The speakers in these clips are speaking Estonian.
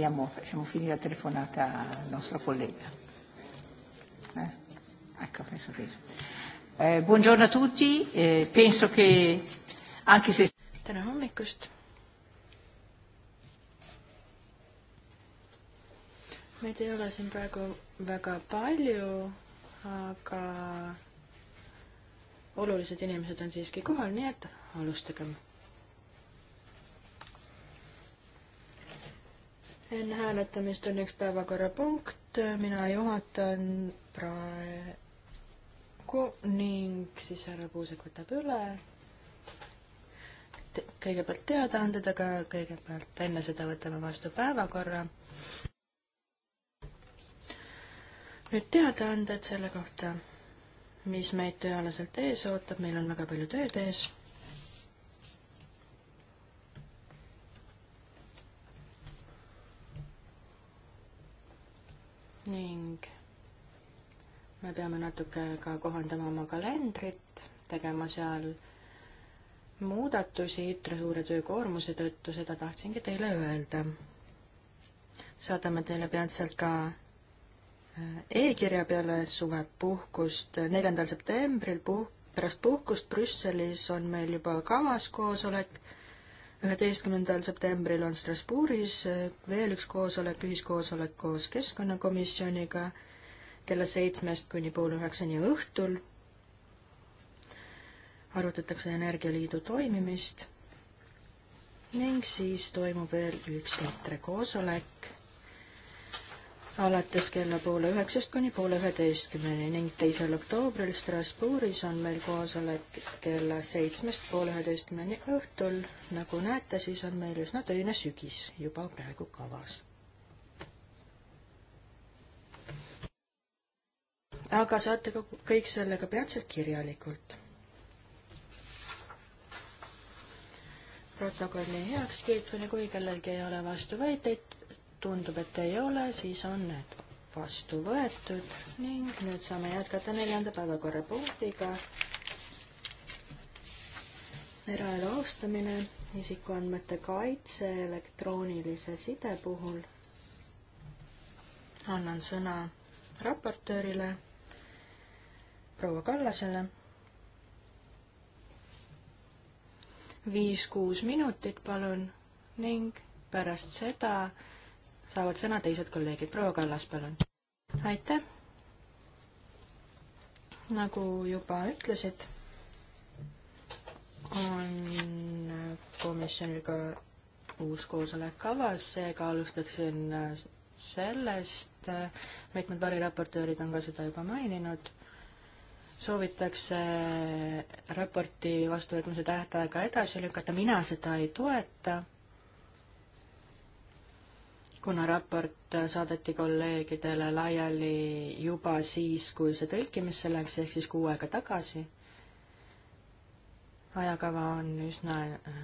sentiamo, facciamo finire la telefonata al nostro collega. Eh? Ecco, penso che... eh, buongiorno a tutti, eh, penso che anche se... tere hommikust! meid ei ole siin praegu väga palju, aga olulised inimesed on siiski kohal, nii et alustagem enne hääletamist on üks päevakorrapunkt, mina juhatan praegu ning siis härra Kuusik võtab üle Te. kõigepealt teadaanded, aga kõigepealt enne seda võtame vastu päevakorra. nüüd teadaanded selle kohta, mis meid tööalaselt ees ootab, meil on väga palju tööd ees ning me peame natuke ka kohandama oma kalendrit, tegema seal muudatusi ITRE suure töökoormuse tõttu, seda tahtsingi teile öelda. saadame teile peatselt ka äh, e-kirja peale suvepuhkust, äh, neljandal septembril puh-, pärast puhkust Brüsselis on meil juba kavas koosolek üheteistkümnendal septembril on Strasbourgis eh, veel üks koosolek, ühiskoosolek koos Keskkonnakomisjoniga kella seitsmest kuni poole üheksani õhtul. arutatakse Energialiidu toimimist ning siis toimub veel üks ETRE koosolek alates kella poole üheksast kuni poole üheteistkümneni ning teisel oktoobril Strasbourgis on meil koosolek kella seitsmest poole üheteistkümneni õhtul. nagu näete, siis on meil üsna töine sügis juba praegu kavas. aga saate kõik sellega peatselt kirjalikult protokolli heakskiitmine, kui kellelgi ei ole vastuväiteid, tundub, et ei ole, siis on need vastu võetud ning nüüd saame jätkata neljanda päevakorrapunktiga. eraelu austamine, isikuandmete kaitse elektroonilise side puhul. annan sõna raportöörile, proua Kallasele. viis-kuus minutit, palun, ning pärast seda saavad sõna teised kolleegid. proua Kallas, palun. aitäh. nagu juba ütlesid, on komisjonil ka uus koosolek kavas, seega alustaksin sellest, mitmed variraportöörid on ka seda juba maininud soovitakse raporti vastuvõtmise tähtaega edasi lükata, mina seda ei toeta, kuna raport saadeti kolleegidele laiali juba siis, kui see tõlkimisse läks, ehk siis kuu aega tagasi. ajakava on üsna äh,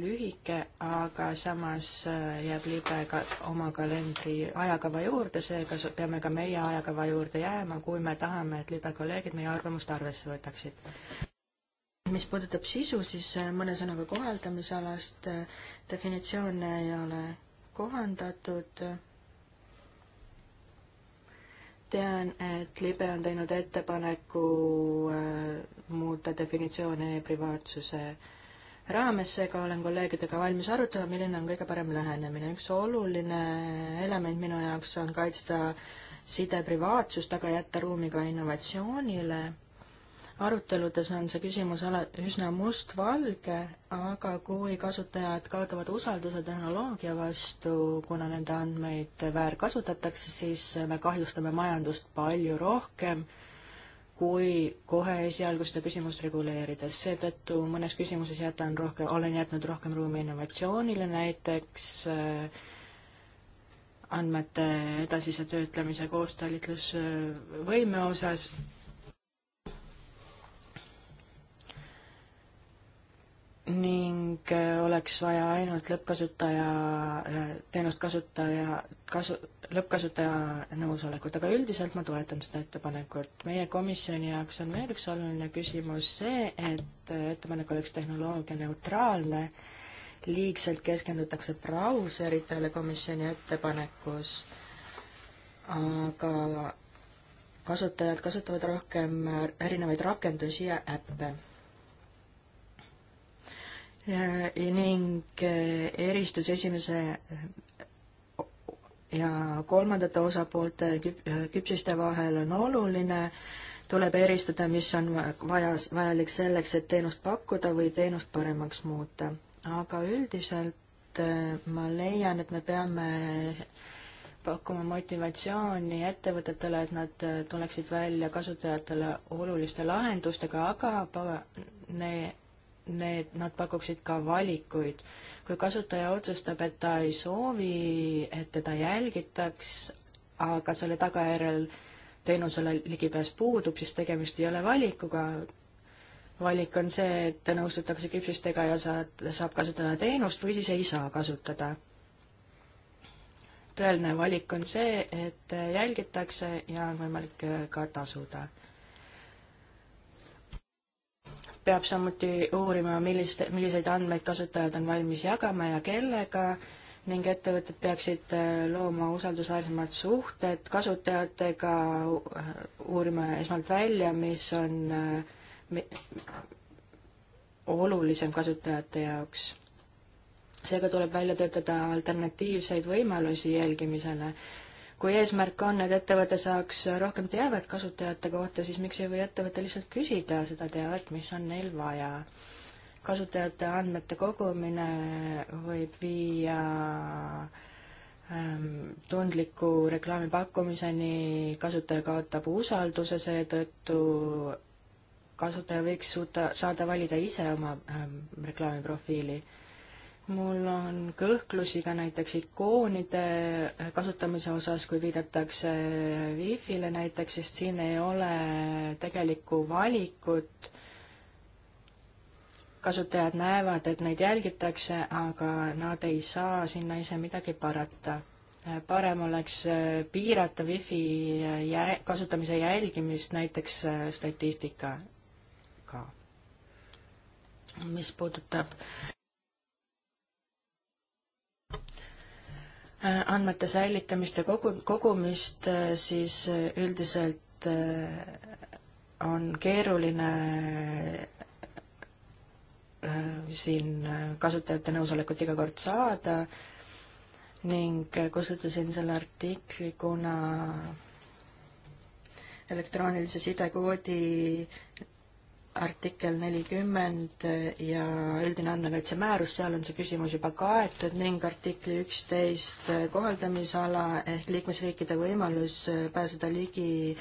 lühike, aga samas äh, jääb libe ka oma kalendri ajakava juurde, seega peame ka meie ajakava juurde jääma, kui me tahame, et libe kolleegid meie arvamust arvesse võtaksid. mis puudutab sisu, siis äh, mõne sõnaga kohaldamisalast definitsioone ei ole kohandatud. tean, et libe on teinud ettepaneku äh, muuta definitsioone privaatsuse raames, seega olen kolleegidega valmis arutama, milline on kõige parem lähenemine. üks oluline element minu jaoks on kaitsta side privaatsust, aga jätta ruumi ka innovatsioonile aruteludes on see küsimus ala-, üsna mustvalge, aga kui kasutajad kaotavad usalduse tehnoloogia vastu, kuna nende andmeid väärkasutatakse, siis me kahjustame majandust palju rohkem, kui kohe esialgu seda küsimust reguleerides. seetõttu mõnes küsimuses jätan rohkem, olen jätnud rohkem ruumi innovatsioonile, näiteks äh, andmete edasise töötlemise koostalitlusvõime osas äh, ning äh, oleks vaja ainult lõppkasutaja, äh, teenust kasutaja, kasu, lõppkasutaja nõusolekut, aga üldiselt ma toetan seda ettepanekut. meie komisjoni jaoks on veel üks oluline küsimus see, et äh, ettepanek oleks tehnoloogianeutraalne, liigselt keskendutakse brauseritele komisjoni ettepanekus, aga kasutajad kasutavad rohkem erinevaid rakendusi ja äppe ning eh, eristus esimese eh, ja kolmandate osapoolte küp-, eh, küpsiste vahel on oluline, tuleb eristada, mis on vaja, vajalik selleks, et teenust pakkuda või teenust paremaks muuta. aga üldiselt ma leian, et me peame pakkuma motivatsiooni ettevõtetele, et nad tuleksid välja kasutajatele oluliste lahendustega, aga ne, need, nad pakuksid ka valikuid. kui kasutaja otsustab, et ta ei soovi, et teda jälgitaks, aga selle tagajärjel teenusele ligipääs puudub, siis tegemist ei ole valikuga. valik on see, et nõustutakse küpsistega ja saad, saab kasutada teenust või siis ei saa kasutada. tõeline valik on see, et jälgitakse ja on võimalik ka tasuda peab samuti uurima, millist, milliseid andmeid kasutajad on valmis jagama ja kellega ning ettevõtted peaksid äh, looma usaldusväärsemad suhted kasutajatega, äh, uurima esmalt välja, mis on äh, mi, olulisem kasutajate jaoks. seega tuleb välja töötada alternatiivseid võimalusi jälgimisele kui eesmärk on, et ettevõte saaks rohkem teavet kasutajate kohta, siis miks ei või ettevõte lihtsalt küsida seda teavet, mis on neil vaja? kasutajate andmete kogumine võib viia ähm, tundliku reklaami pakkumiseni, kasutaja kaotab usalduse seetõttu, kasutaja võiks suuta, saada valida ise oma ähm, reklaamiprofiili mul on kõhklusi ka näiteks ikoonide kasutamise osas, kui viidatakse Wi-Fi-le näiteks, sest siin ei ole tegelikku valikut. kasutajad näevad, et neid jälgitakse, aga nad ei saa sinna ise midagi parata. parem oleks piirata Wi-Fi jä-, kasutamise jälgimist näiteks statistikaga, mis puudutab Äh, andmete säilitamist ja kogu, kogumist, äh, siis äh, üldiselt on keeruline siin kasutajate nõusolekut iga kord saada ning kustutasin selle artikli, kuna elektroonilise sidekoodi artikkel nelikümmend ja üldine andmekaitse määrus, seal on see küsimus juba kaetud ning artikli üksteist kohaldamisala ehk liikmesriikide võimalus pääseda ligi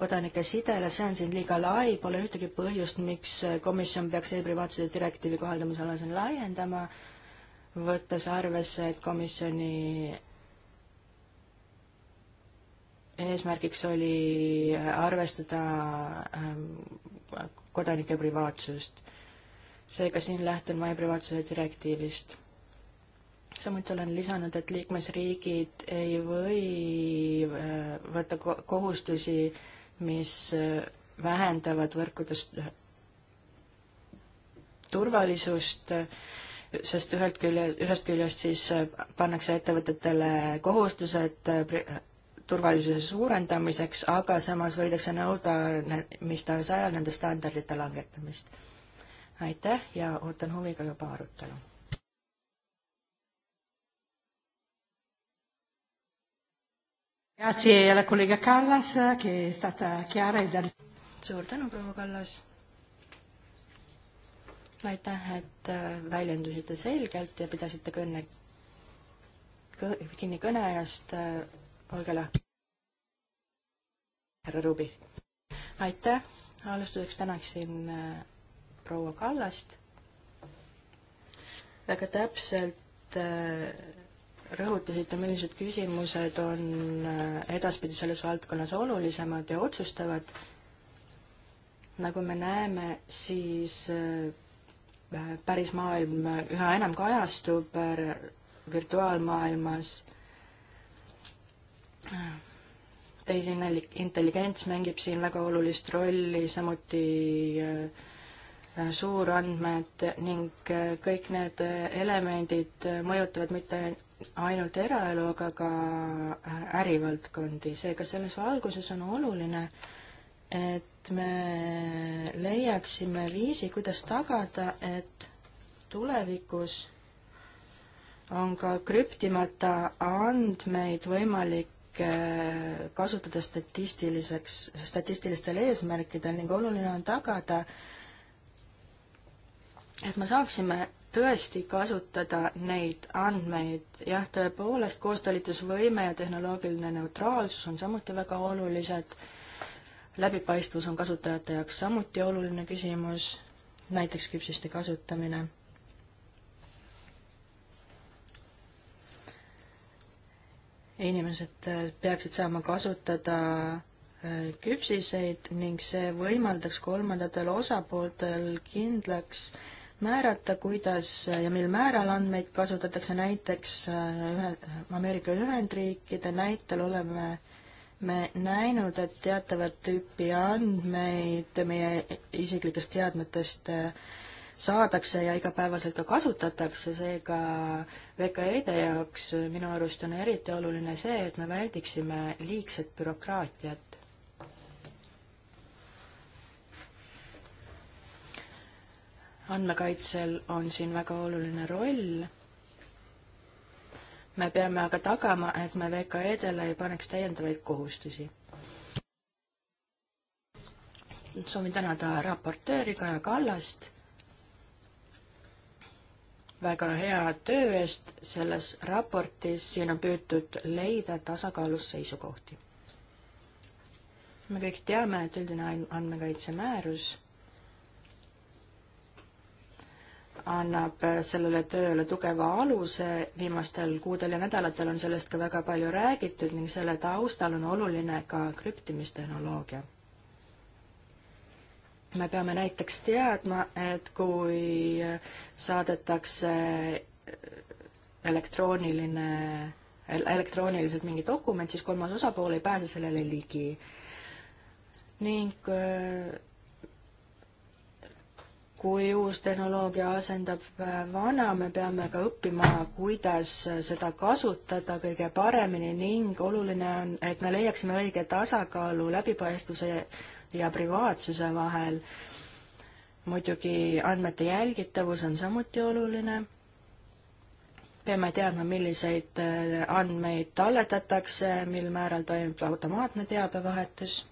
kodanike sidele, see on siin liiga lai, pole ühtegi põhjust, miks komisjon peaks e-privaatsuse direktiivi kohaldamisala siin laiendama, võttes arvesse, et komisjoni eesmärgiks oli arvestada ähm, kodanike privaatsust. seega siin lähtun meie privaatsuse direktiivist. samuti olen lisanud, et liikmesriigid ei või äh, võtta kohustusi, mis äh, vähendavad võrkudest äh, turvalisust, sest ühelt külje, ühest küljest siis pannakse ettevõtetele kohustused et turvalisuse suurendamiseks, aga samas võidakse nõuda mis tahes ajal nende standardite langetamist. aitäh ja ootan huviga juba arutelu Grazie alla collega Callas che è stata chiara e dar... Suur tänu, proua Kallas. aitäh, et äh, väljendusite selgelt ja pidasite kõne, kinni kõneajast. Äh, olge lahke. härra Rubi. aitäh, alustuseks tänaksin äh, proua Kallast. väga täpselt äh, rõhutasite, millised küsimused on äh, edaspidi selles valdkonnas olulisemad ja otsustavad. nagu me näeme, siis päris maailm üha enam kajastub virtuaalmaailmas teisine intelligents mängib siin väga olulist rolli, samuti äh, äh, suurandmed ning äh, kõik need elemendid mõjutavad mitte ainult eraelu, aga ka ärivaldkondi, seega selles valguses on oluline, et me leiaksime viisi, kuidas tagada, et tulevikus on ka krüptimata andmeid võimalik Äh, kasutada statistiliseks, statistilistel eesmärkidel ning oluline on tagada, et me saaksime tõesti kasutada neid andmeid. jah, tõepoolest, koostalitusvõime ja tehnoloogiline neutraalsus on samuti väga olulised. läbipaistvus on kasutajate jaoks samuti oluline küsimus, näiteks küpsiste kasutamine inimesed äh, peaksid saama kasutada äh, küpsiseid ning see võimaldaks kolmandatel osapooltel kindlaks määrata, kuidas äh, ja mil määral andmeid kasutatakse, näiteks ühe, Ameerika Ühendriikide näitel oleme me näinud, et teatavat tüüpi andmeid meie isiklikest teadmetest äh, saadakse ja igapäevaselt ka kasutatakse, seega VKE-de jaoks minu arust on eriti oluline see, et me väldiksime liigset bürokraatiat. andmekaitsel on siin väga oluline roll me peame aga tagama, et me VKE-dele ei paneks täiendavaid kohustusi. soovin tänada raportööri Kaja Kallast väga hea töö eest selles raportis, siin on püütud leida tasakaalus seisukohti. me kõik teame, et üldine andmekaitsemäärus annab sellele tööle tugeva aluse, viimastel kuudel ja nädalatel on sellest ka väga palju räägitud ning selle taustal on oluline ka krüptimistehnoloogia me peame näiteks teadma, et kui saadetakse elektrooniline, elektrooniliselt mingi dokument, siis kolmas osapool ei pääse sellele ligi. ning äh, kui uus tehnoloogia asendab äh, vana, me peame ka õppima, kuidas seda kasutada kõige paremini ning oluline on, et me leiaksime õige tasakaalu läbipaistvuse ja privaatsuse vahel. muidugi andmete jälgitavus on samuti oluline. peame teadma, milliseid äh, andmeid talletatakse, mil määral toimub automaatne teabevahetus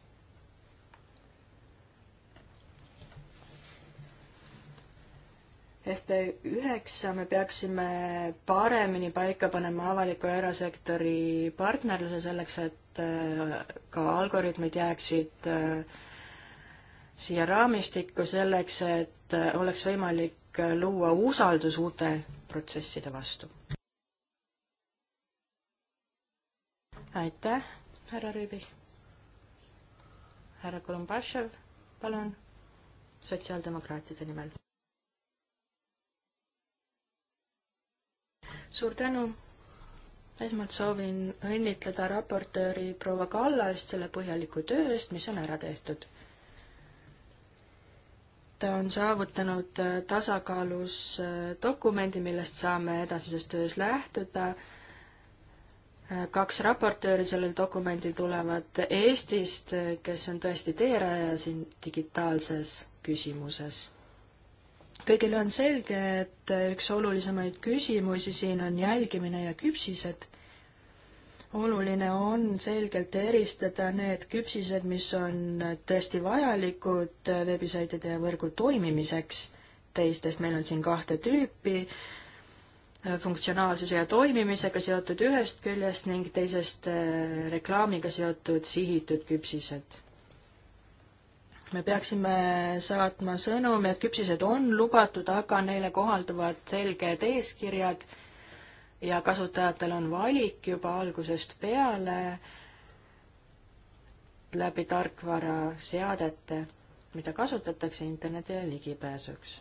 FP üheksa me peaksime paremini paika panema avaliku ja erasektori partnerluse selleks, et äh, ka algoritmid jääksid äh, siia raamistikku selleks, et oleks võimalik luua usaldus uute protsesside vastu. aitäh, härra Rüübi. härra Kolumbašev, palun, sotsiaaldemokraatide nimel. suur tänu esmalt soovin õnnitleda raportööri proua Kallast selle põhjaliku töö eest, mis on ära tehtud on saavutanud äh, tasakaalus äh, dokumendi, millest saame edasises töös lähtuda. Äh, kaks raportööri sellel dokumendil tulevad Eestist, kes on tõesti teerajaja siin digitaalses küsimuses. kõigile on selge, et üks olulisemaid küsimusi siin on jälgimine ja küpsised oluline on selgelt eristada need küpsised, mis on tõesti vajalikud veebisaitide ja võrgu toimimiseks teistest, meil on siin kahte tüüpi, funktsionaalsuse ja toimimisega seotud ühest küljest ning teisest äh, reklaamiga seotud sihitud küpsised me peaksime saatma sõnumi, et küpsised on lubatud, aga neile kohalduvad selged eeskirjad ja kasutajatel on valik juba algusest peale läbi tarkvaraseadete, mida kasutatakse internetile ligipääsuks.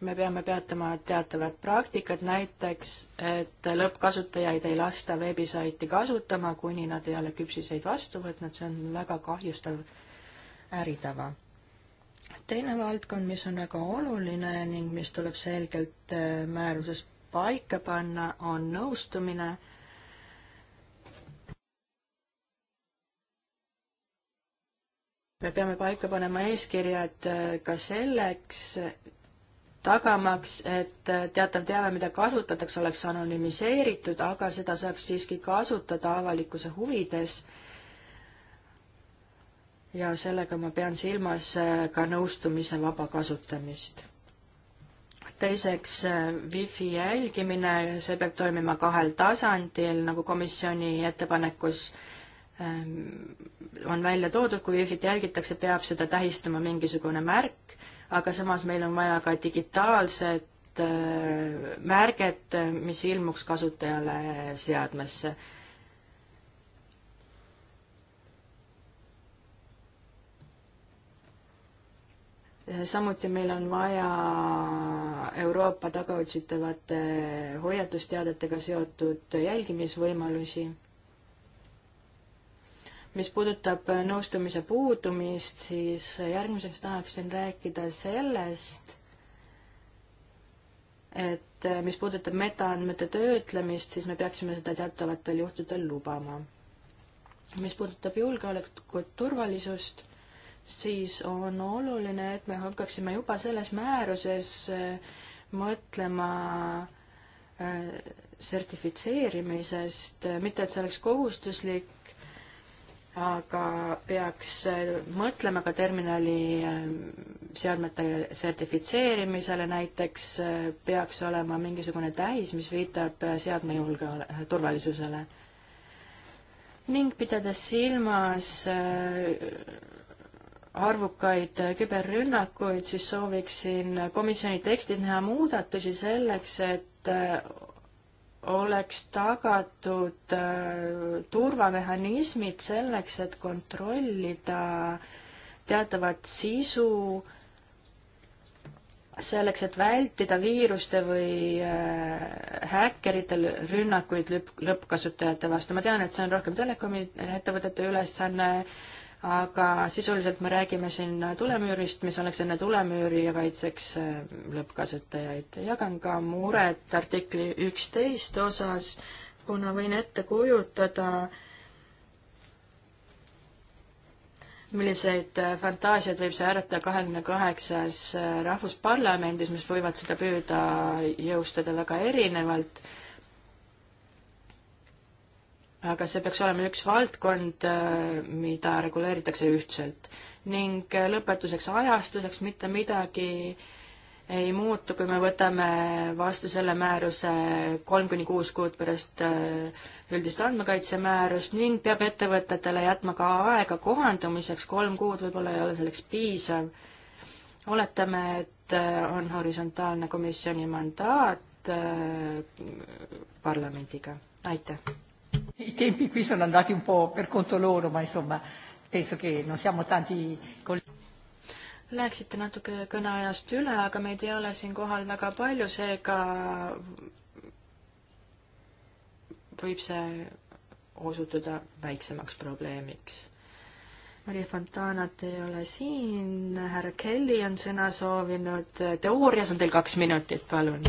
me peame peatama teatavad praktikad, näiteks et lõppkasutajaid ei lasta veebisaiti kasutama, kuni nad ei ole küpsiseid vastu võtnud, see on väga kahjustav äritava. teine valdkond, mis on väga oluline ning mis tuleb selgelt äh, määrusest paika panna, on nõustumine me peame paika panema eeskirjad äh, ka selleks, tagamaks, et äh, teatav teave, mida kasutatakse, oleks anonüümiseeritud, aga seda saaks siiski kasutada avalikkuse huvides. ja sellega ma pean silmas äh, ka nõustumise vaba kasutamist teiseks, äh, wifi jälgimine, see peab toimima kahel tasandil, nagu komisjoni ettepanekus ähm, on välja toodud, kui wifi't jälgitakse, peab seda tähistama mingisugune märk, aga samas meil on vaja ka digitaalset äh, märget, mis ilmuks kasutajale seadmesse samuti meil on vaja Euroopa tagaotsitavate hoiatusteadetega seotud jälgimisvõimalusi. mis puudutab nõustumise puudumist, siis järgmiseks tahaksin rääkida sellest, et mis puudutab metaandmete töötlemist, siis me peaksime seda teatavatel juhtudel lubama. mis puudutab julgeolekut, turvalisust, siis on oluline, et me hakkaksime juba selles määruses äh, mõtlema äh, sertifitseerimisest, äh, mitte et see oleks kohustuslik, aga peaks mõtlema ka terminali seadmete sertifitseerimisele, näiteks peaks olema mingisugune tähis, mis viitab seadme julgeole-, turvalisusele. ning pidades silmas arvukaid äh, küberrünnakuid, siis sooviksin komisjoni tekstis näha muudatusi selleks, et äh, oleks tagatud äh, turvamehhanismid selleks, et kontrollida teatavat sisu, selleks, et vältida viiruste või häkkeritel rünnakuid lõpp, lõppkasutajate vastu. ma tean, et see on rohkem telekomi ettevõtete ülesanne, aga sisuliselt me räägime siin tulemüürist, mis oleks enne tulemüüri ja kaitseks äh, lõppkasutajaid. jagan ka muret artikli üksteist osas, kuna võin ette kujutada, milliseid äh, fantaasiaid võib see äratada kahekümne kaheksas äh, rahvusparlamendis, mis võivad seda püüda jõustada väga erinevalt aga see peaks olema üks valdkond, äh, mida reguleeritakse ühtselt. ning äh, lõpetuseks ajastuseks mitte midagi ei muutu, kui me võtame vastu selle määruse kolm kuni kuus kuud pärast äh, üldist andmekaitsemäärust ning peab ettevõtetele jätma ka aega kohandumiseks, kolm kuud võib-olla ei ole selleks piisav. oletame, et on horisontaalne komisjoni mandaat parlamendiga. aitäh! I tempi qui sono andati un po' per conto loro, ma insomma penso che non siamo tanti Läheksite natuke kõneajast üle, aga meid ei ole siin kohal väga palju, seega võib see osutuda väiksemaks probleemiks. Maria Fontanat ei ole siin, härra Kelly on sõna soovinud, teoorias on teil kaks minutit, palun.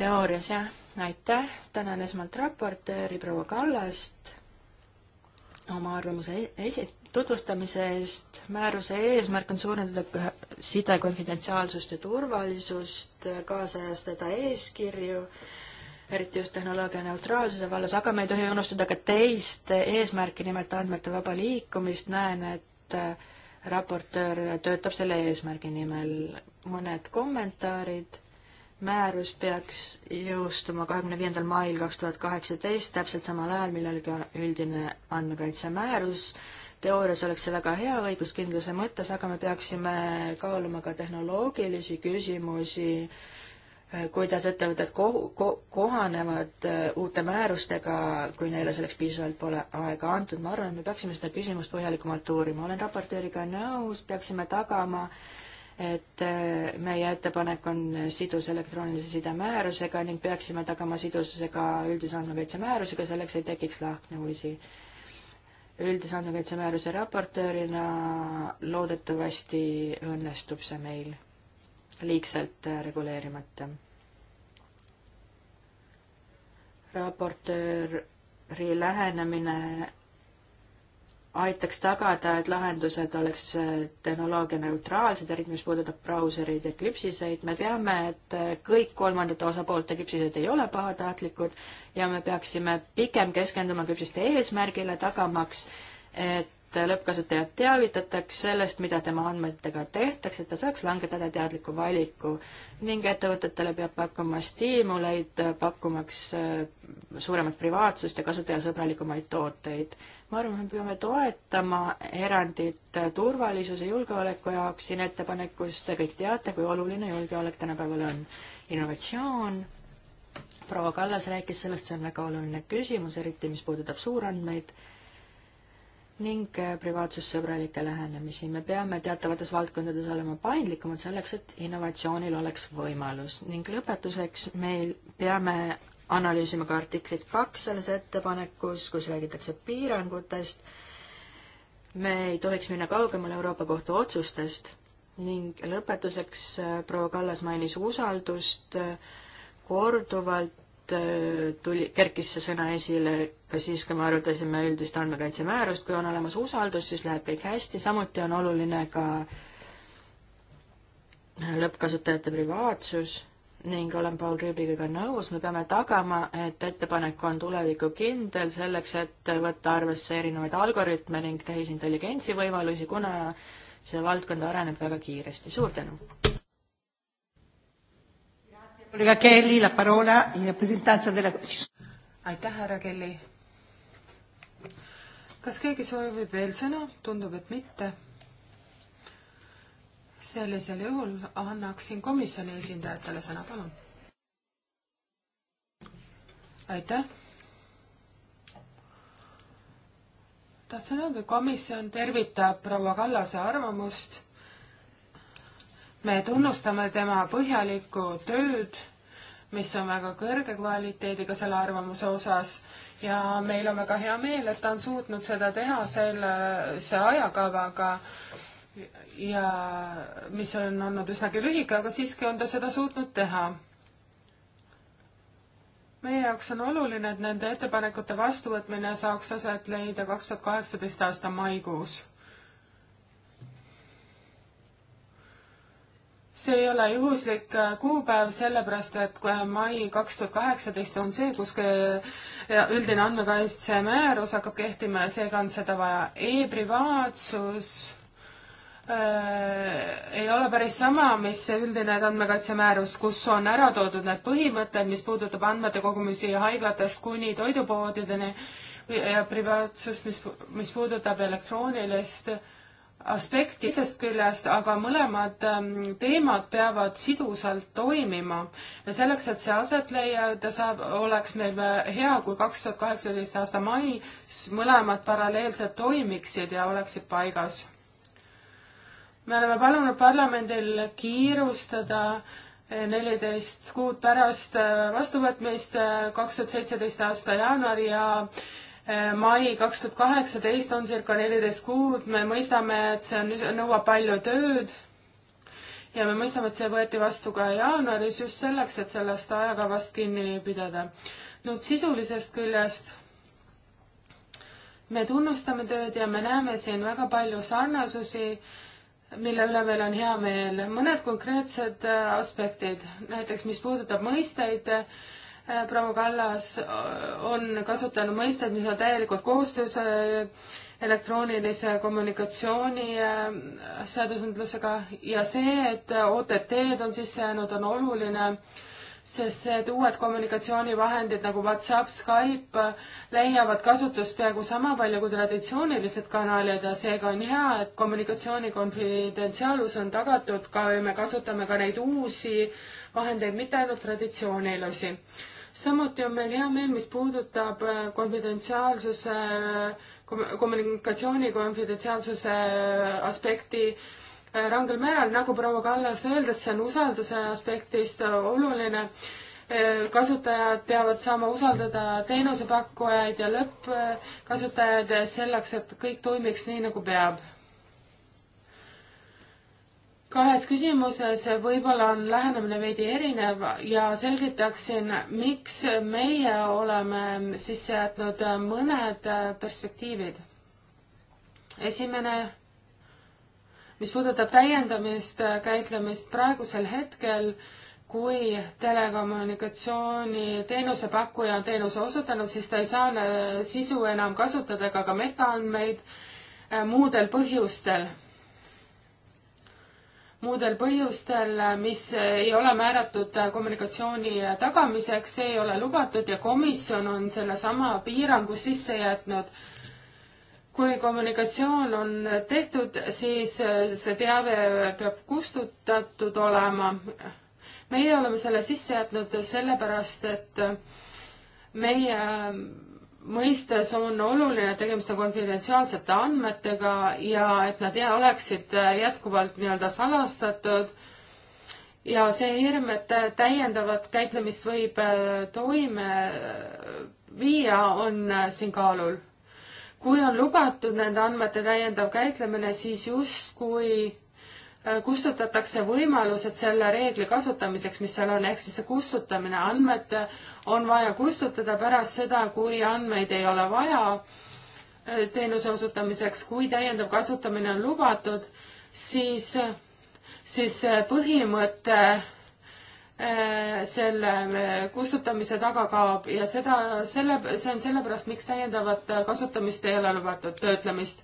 teoorias, jah aitäh, tänan esmalt raportööri proua Kallast oma arvamuse e-, esi-, tutvustamise eest. määruse eesmärk on suurendada side konfidentsiaalsust ja turvalisust, kaasajastada eeskirju, eriti just tehnoloogia neutraalsuse vallas, aga me ei tohi unustada ka teist eesmärki, nimelt andmete vaba liikumist. näen, et äh, raportöör töötab selle eesmärgi nimel. mõned kommentaarid määrus peaks jõustuma kahekümne viiendal mail kaks tuhat kaheksateist, täpselt samal ajal, millal ka üldine andmekaitsemäärus. teoorias oleks see väga hea õiguskindluse mõttes, aga me peaksime kaaluma ka tehnoloogilisi küsimusi, eh, kuidas ettevõtted ko-, ko-, kohanevad eh, uute määrustega, kui neile selleks piisavalt pole aega antud. ma arvan, et me peaksime seda küsimust põhjalikumalt uurima. olen raportööriga nõus, peaksime tagama äh, et äh, meie ettepanek on sidus elektroonilise side määrusega ning peaksime tagama sidususe ka üldise andmekaitse määrusega, selleks ei tekiks lahknevusi. üldise andmekaitse määruse raportöörina loodetavasti õnnestub see meil liigselt äh, reguleerimata. raportööri lähenemine aitaks tagada, et lahendused oleks äh, tehnoloogia neutraalsed, eriti mis puudutab brausereid ja küpsiseid. me teame, et äh, kõik kolmandate osapoolte küpsised ei ole pahatahtlikud ja me peaksime pigem keskenduma küpsiste eesmärgile, tagamaks, et lõppkasutajat teavitataks sellest, mida tema andmetega tehtakse, et ta saaks langetada teadliku valiku ning ettevõtetele peab pakkuma stiimuleid, pakkumaks äh, suuremat privaatsust ja kasutajasõbralikumaid tooteid ma arvan, me peame toetama erandit turvalisuse, julgeoleku jaoks siin ettepanekus, te kõik teate, kui oluline julgeolek tänapäeval on. innovatsioon, proua Kallas rääkis sellest, see on väga oluline küsimus, eriti mis puudutab suurandmeid ning privaatsussõbralikke lähenemisi. me peame teatavates valdkondades olema paindlikumad selleks, et innovatsioonil oleks võimalus ning lõpetuseks meil peame analüüsime ka artiklit kaks selles ettepanekus, kus räägitakse piirangutest. me ei tohiks minna kaugemale Euroopa Kohtu otsustest ning lõpetuseks äh, proua Kallas mainis usaldust korduvalt äh, tuli, kerkis see sõna esile ka siis, kui me arutasime üldist andmekaitsemäärust, kui on olemas usaldus, siis läheb kõik hästi, samuti on oluline ka lõppkasutajate privaatsus ning olen Paul Rüübiga nõus, me peame tagama, et ettepanek on tulevikukindel selleks, et võtta arvesse erinevaid algoritme ning tehisintelligentsi võimalusi, kuna see valdkond areneb väga kiiresti. suur tänu! aitäh, härra Kelly! kas keegi soovib veel sõna? tundub, et mitte sellisel juhul annaksin komisjoni esindajatele sõna, palun. aitäh. tahtsin öelda, komisjon tervitab proua Kallase arvamust. me tunnustame tema põhjalikku tööd, mis on väga kõrge kvaliteediga selle arvamuse osas ja meil on väga hea meel, et ta on suutnud seda teha sellise ajakavaga ja mis on olnud üsnagi lühike, aga siiski on ta seda suutnud teha. meie jaoks on oluline, et nende ettepanekute vastuvõtmine saaks aset leida kaks tuhat kaheksateist aasta maikuus. see ei ole juhuslik kuupäev, sellepärast et mai kaks tuhat kaheksateist on see, kus üldine andmekaitse määrus hakkab kehtima ja seega on seda vaja e. e-privaatsus Äh, ei ole päris sama, mis see üldine andmekaitsemäärus, kus on ära toodud need põhimõtted, mis puudutab andmete kogumisi haiglatest kuni toidupoodideni ja privaatsust, mis, mis puudutab elektroonilist aspekti teisest küljest, aga mõlemad ähm, teemad peavad sidusalt toimima. ja selleks, et see aset leiada saab, oleks meil hea, kui kaks tuhat kaheksateist aasta mais mõlemad paralleelselt toimiksid ja oleksid paigas me oleme palunud parlamendil kiirustada eh, neliteist kuud pärast eh, vastuvõtmist, eh, kaks tuhat seitseteist aasta jaanuar ja mai kaks tuhat kaheksateist on circa neliteist kuud, me mõistame, et see on, nõuab palju tööd ja me mõistame, et see võeti vastu ka jaanuaris just selleks, et sellest ajakavast kinni pidada. nüüd sisulisest küljest me tunnustame tööd ja me näeme siin väga palju sarnasusi mille üle meil on hea meel. mõned konkreetsed äh, aspektid, näiteks mis puudutab mõisteid, äh, proua Kallas äh, on kasutanud mõisteid, mis on täielikult koostöös elektroonilise kommunikatsiooni seadusandlusega ja see, et OTT-d on sisse jäänud, on oluline äh, sest need uued kommunikatsioonivahendid nagu Whatsapp, Skype leiavad kasutust peaaegu sama palju kui traditsioonilised kanalid ja seega on hea, et kommunikatsiooni konfidentsiaalsus on tagatud ka ja me kasutame ka neid uusi vahendeid, mitte ainult traditsioonilisi. samuti on meil hea meel, mis puudutab äh, konfidentsiaalsuse äh, kommunikatsiooni konfidentsiaalsuse äh, aspekti äh, Äh, rangel määral, nagu proua Kallas öeldes, see on usalduse aspektist oluline. Äh, kasutajad peavad saama usaldada teenusepakkujaid ja lõppkasutajaid selleks, et kõik toimiks nii, nagu peab. kahes küsimuses võib-olla on lähenemine veidi erinev ja selgitaksin, miks meie oleme sisse jätnud mõned perspektiivid. esimene mis puudutab täiendamist, äh, käitlemist praegusel hetkel, kui telekommunikatsiooni teenusepakkuja on teenuse osutanud, siis ta ei saa äh, sisu enam kasutada ega ka metaandmeid äh, muudel põhjustel. muudel põhjustel, mis ei ole määratud kommunikatsiooni tagamiseks, see ei ole lubatud ja komisjon on sellesama piirangu sisse jätnud kui kommunikatsioon on tehtud, siis äh, see teave peab kustutatud olema. meie oleme selle sisse jätnud sellepärast, et äh, meie äh, mõistes on oluline, et tegemist on konfidentsiaalsete andmetega ja et nad ja oleksid jätkuvalt nii-öelda salastatud. ja see hirm, et täiendavat käitlemist võib toime viia, on siin kaalul kui on lubatud nende andmete täiendav käitlemine, siis justkui äh, kustutatakse võimalused selle reegli kasutamiseks, mis seal on, ehk siis see kustutamine, andmed on vaja kustutada pärast seda, kui andmeid ei ole vaja äh, teenuse osutamiseks, kui täiendav kasutamine on lubatud, siis, siis äh, põhimõte Äh, selle äh, kustutamise taga kaob ja seda, selle, see on sellepärast, miks täiendavat äh, kasutamist ei ole lubatud, töötlemist.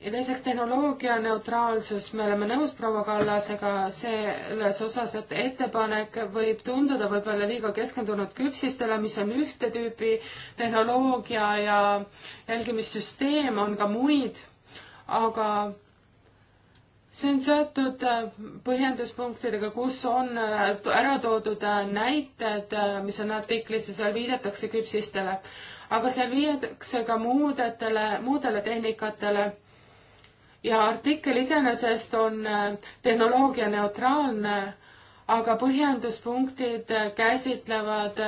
ja teiseks tehnoloogia neutraalsus, me oleme nõus proua Kallasega selles osas, et ettepanek võib tunduda võib-olla liiga keskendunud küpsistele, mis on ühte tüüpi tehnoloogia ja jälgimissüsteem, on ka muid, aga see on seotud äh, põhjenduspunktidega, kus on äh, ära toodud äh, näited, mis on artiklis ja seal viidatakse küpsistele. aga seal viidatakse ka muudetele, muudele tehnikatele. ja artikkel iseenesest on tehnoloogia neutraalne, aga põhjenduspunktid käsitlevad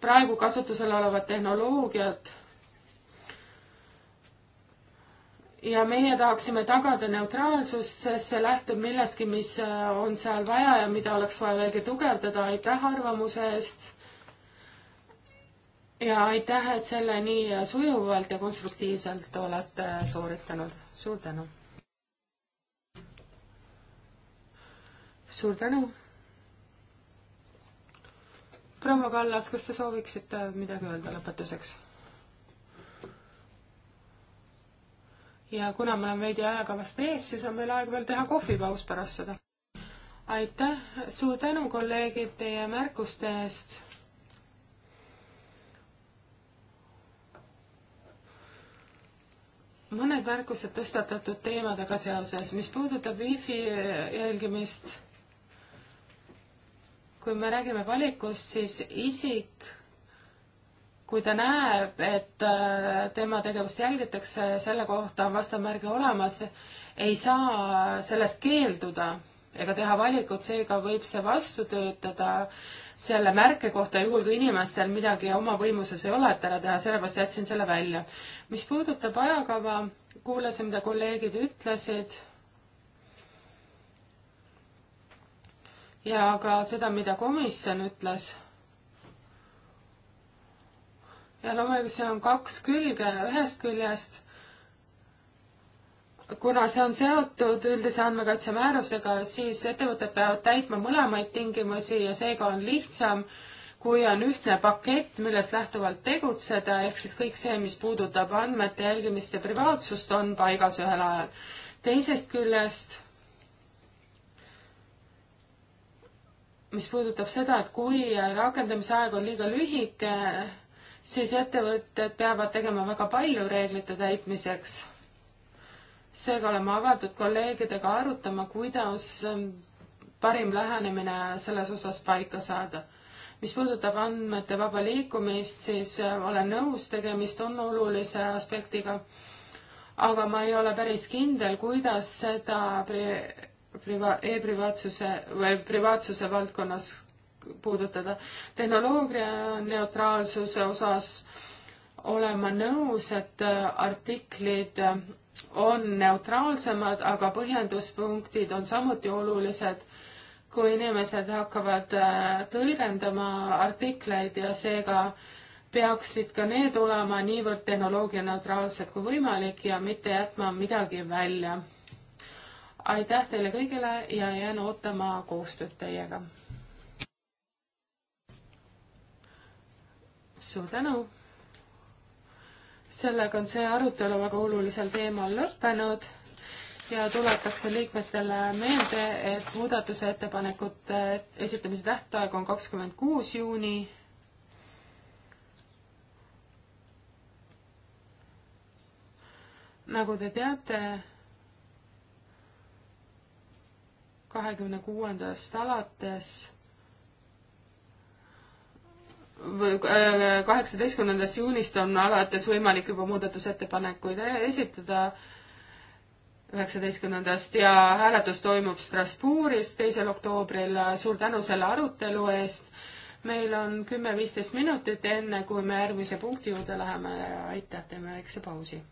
praegu kasutusel olevat tehnoloogiat ja meie tahaksime tagada neutraalsust, sest see lähtub millestki, mis äh, on seal vaja ja mida oleks vaja veelgi tugevdada. aitäh arvamuse eest. ja aitäh, et selle nii äh, sujuvalt ja konstruktiivselt olete äh, sooritanud. suur tänu. suur tänu. proua Kallas, kas te sooviksite midagi öelda lõpetuseks? ja kuna me oleme veidi ajaga vast ees, siis on meil aeg veel teha kohvipaus pärast seda. aitäh, suur tänu, kolleegid, teie märkuste eest. mõned märkused tõstatatud teemadega seoses, mis puudutab wifi jälgimist. kui me räägime valikust, siis isik kui ta näeb, et äh, tema tegevust jälgitakse, selle kohta on vastamärgi olemas, ei saa sellest keelduda ega teha valikut, seega võib see vastu töötada selle märke kohta, juhul kui inimestel midagi oma võimuses ei ole, et ära teha, sellepärast jätsin selle välja. mis puudutab ajakava, kuulasin, mida kolleegid ütlesid. ja ka seda, mida komisjon ütles ja loomulikult siin on kaks külge, ühest küljest kuna see on seotud üldise andmekaitse määrusega, siis ettevõtted peavad täitma mõlemaid tingimusi ja seega on lihtsam, kui on ühtne pakett, millest lähtuvalt tegutseda, ehk siis kõik see, mis puudutab andmete jälgimist ja privaatsust, on paigas ühel ajal. teisest küljest, mis puudutab seda, et kui rakendamise aeg on liiga lühike, siis ettevõtted peavad tegema väga palju reeglite täitmiseks. seega oleme avatud kolleegidega arutama, kuidas ähm, parim lähenemine selles osas paika saada. mis puudutab andmete vaba liikumist, siis äh, olen nõus, tegemist on olulise aspektiga, aga ma ei ole päris kindel, kuidas seda pri-, priva-, e-privaatsuse või privaatsuse valdkonnas puudutada. tehnoloogia neutraalsuse osas olen ma nõus, et äh, artiklid äh, on neutraalsemad, aga põhjenduspunktid on samuti olulised, kui inimesed hakkavad äh, tõlgendama artikleid ja seega peaksid ka need olema niivõrd tehnoloogianeutraalsed kui võimalik ja mitte jätma midagi välja. aitäh teile kõigile ja jään ootama koostööd teiega suur tänu. sellega on see arutelu väga olulisel teemal lõppenud ja tuletakse liikmetele meelde, et muudatusettepanekute esitamise tähtaeg on kakskümmend kuus juuni. nagu te teate, kahekümne kuuendast alates Äh, kaheksateistkümnendast juunist on alates võimalik juba muudatusettepanekuid äh, esitada üheksateistkümnendast ja hääletus toimub Strasbourgis teisel oktoobril. suur tänu selle arutelu eest. meil on kümme-viisteist minutit, enne kui me järgmise punkti juurde läheme. aitäh, teeme väikse pausi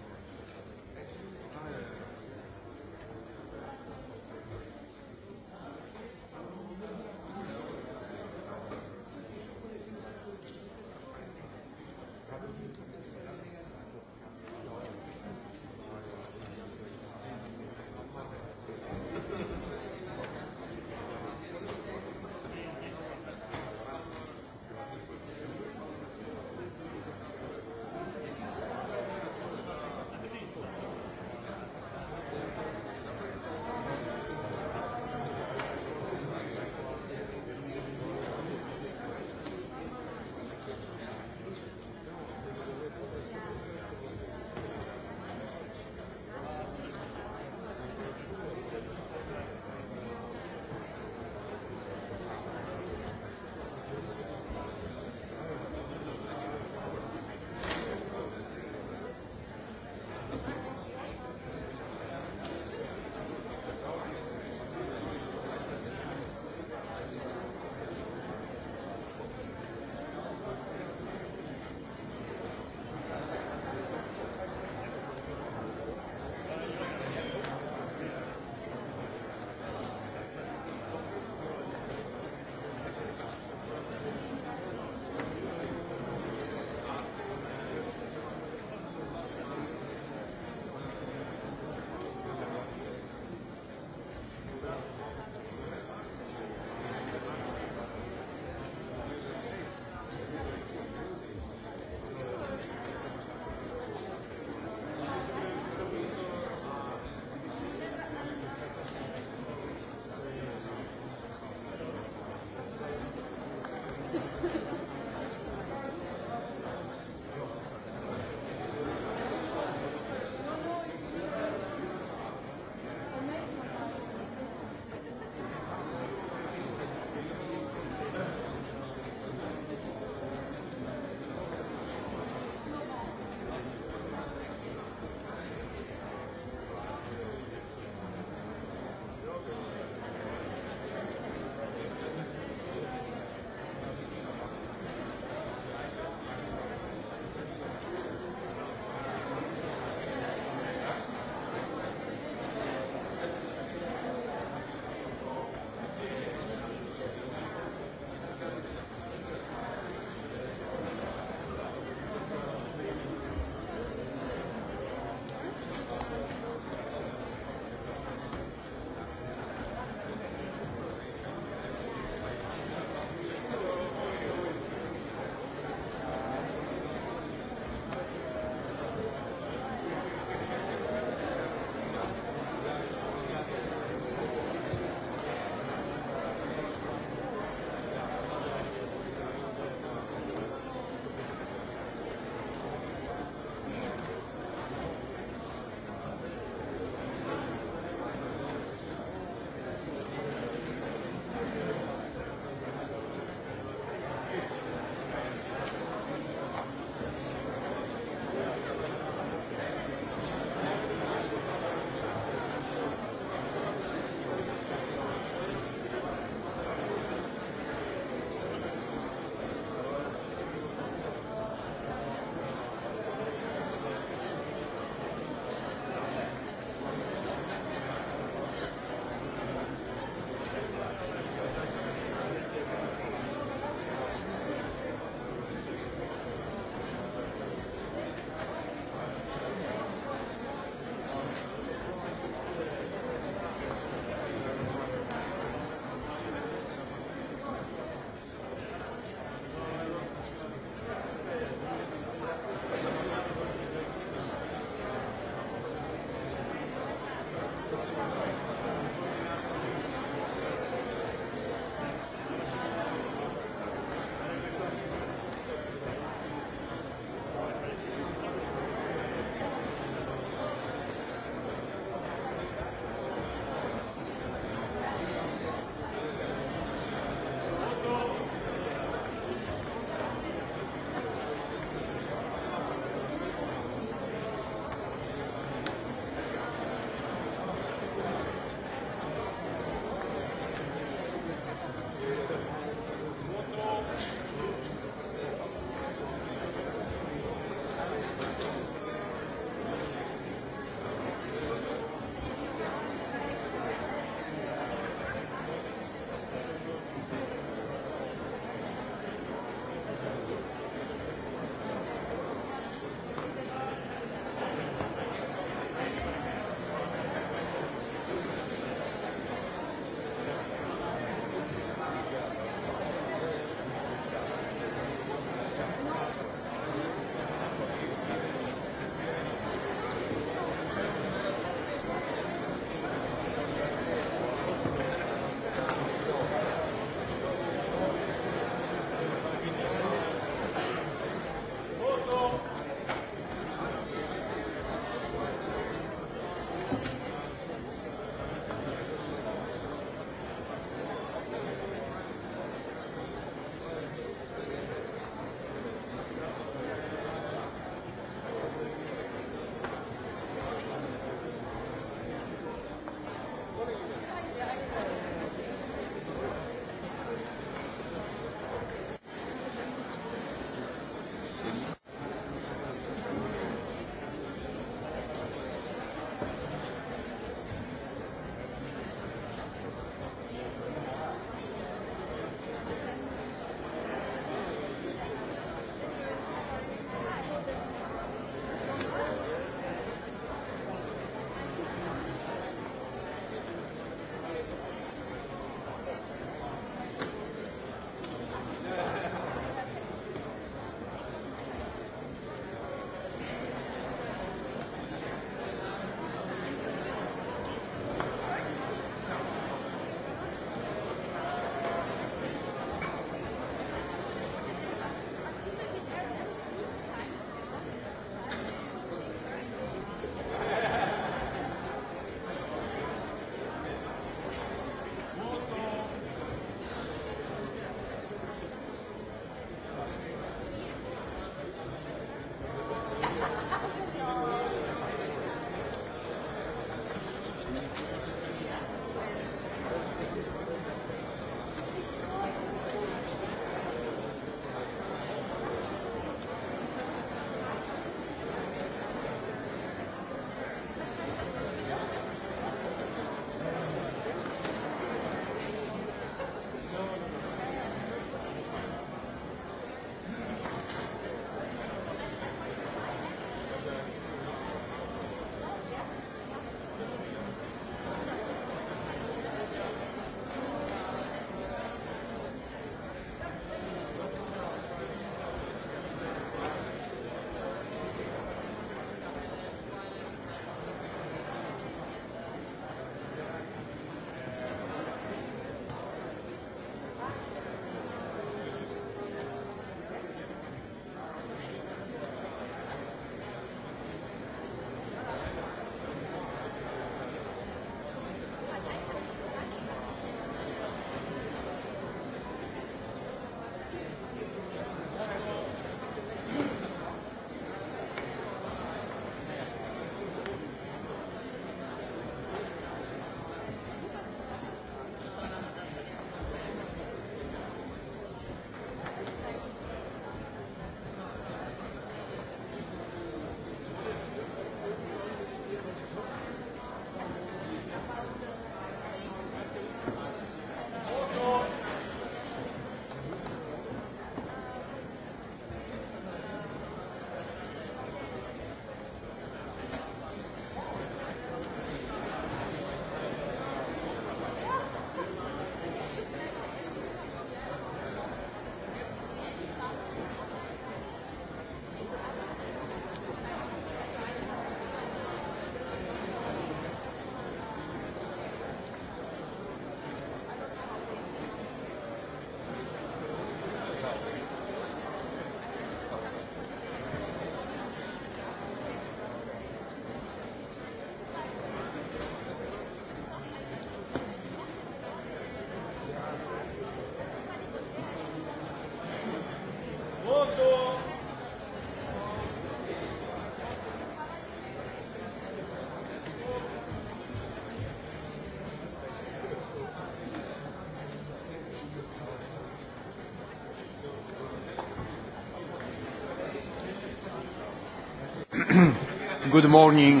Good morning,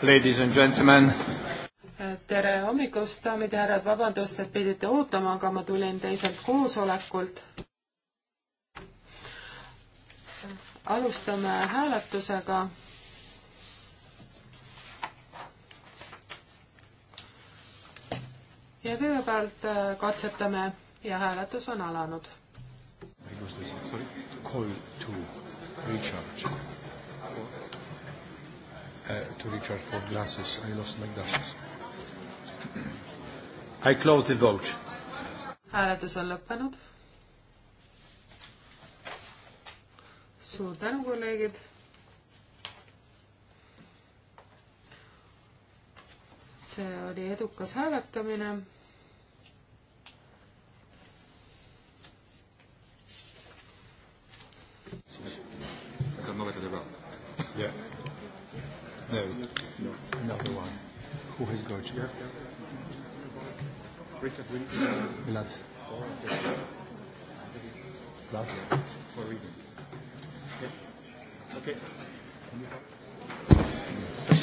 ladies and gentlemen. tere hommikust, daamid ja härrad, vabandust, et pidite ootama, aga ma tulin teiselt koosolekult. alustame hääletusega. ja kõigepealt äh, katsetame ja hääletus on alanud. Sorry, call to recharge uh, to Richard for glasses. I lost my glasses. I close the vote. hääletus on lõppenud. suur tänu, kolleegid. see oli edukas hääletamine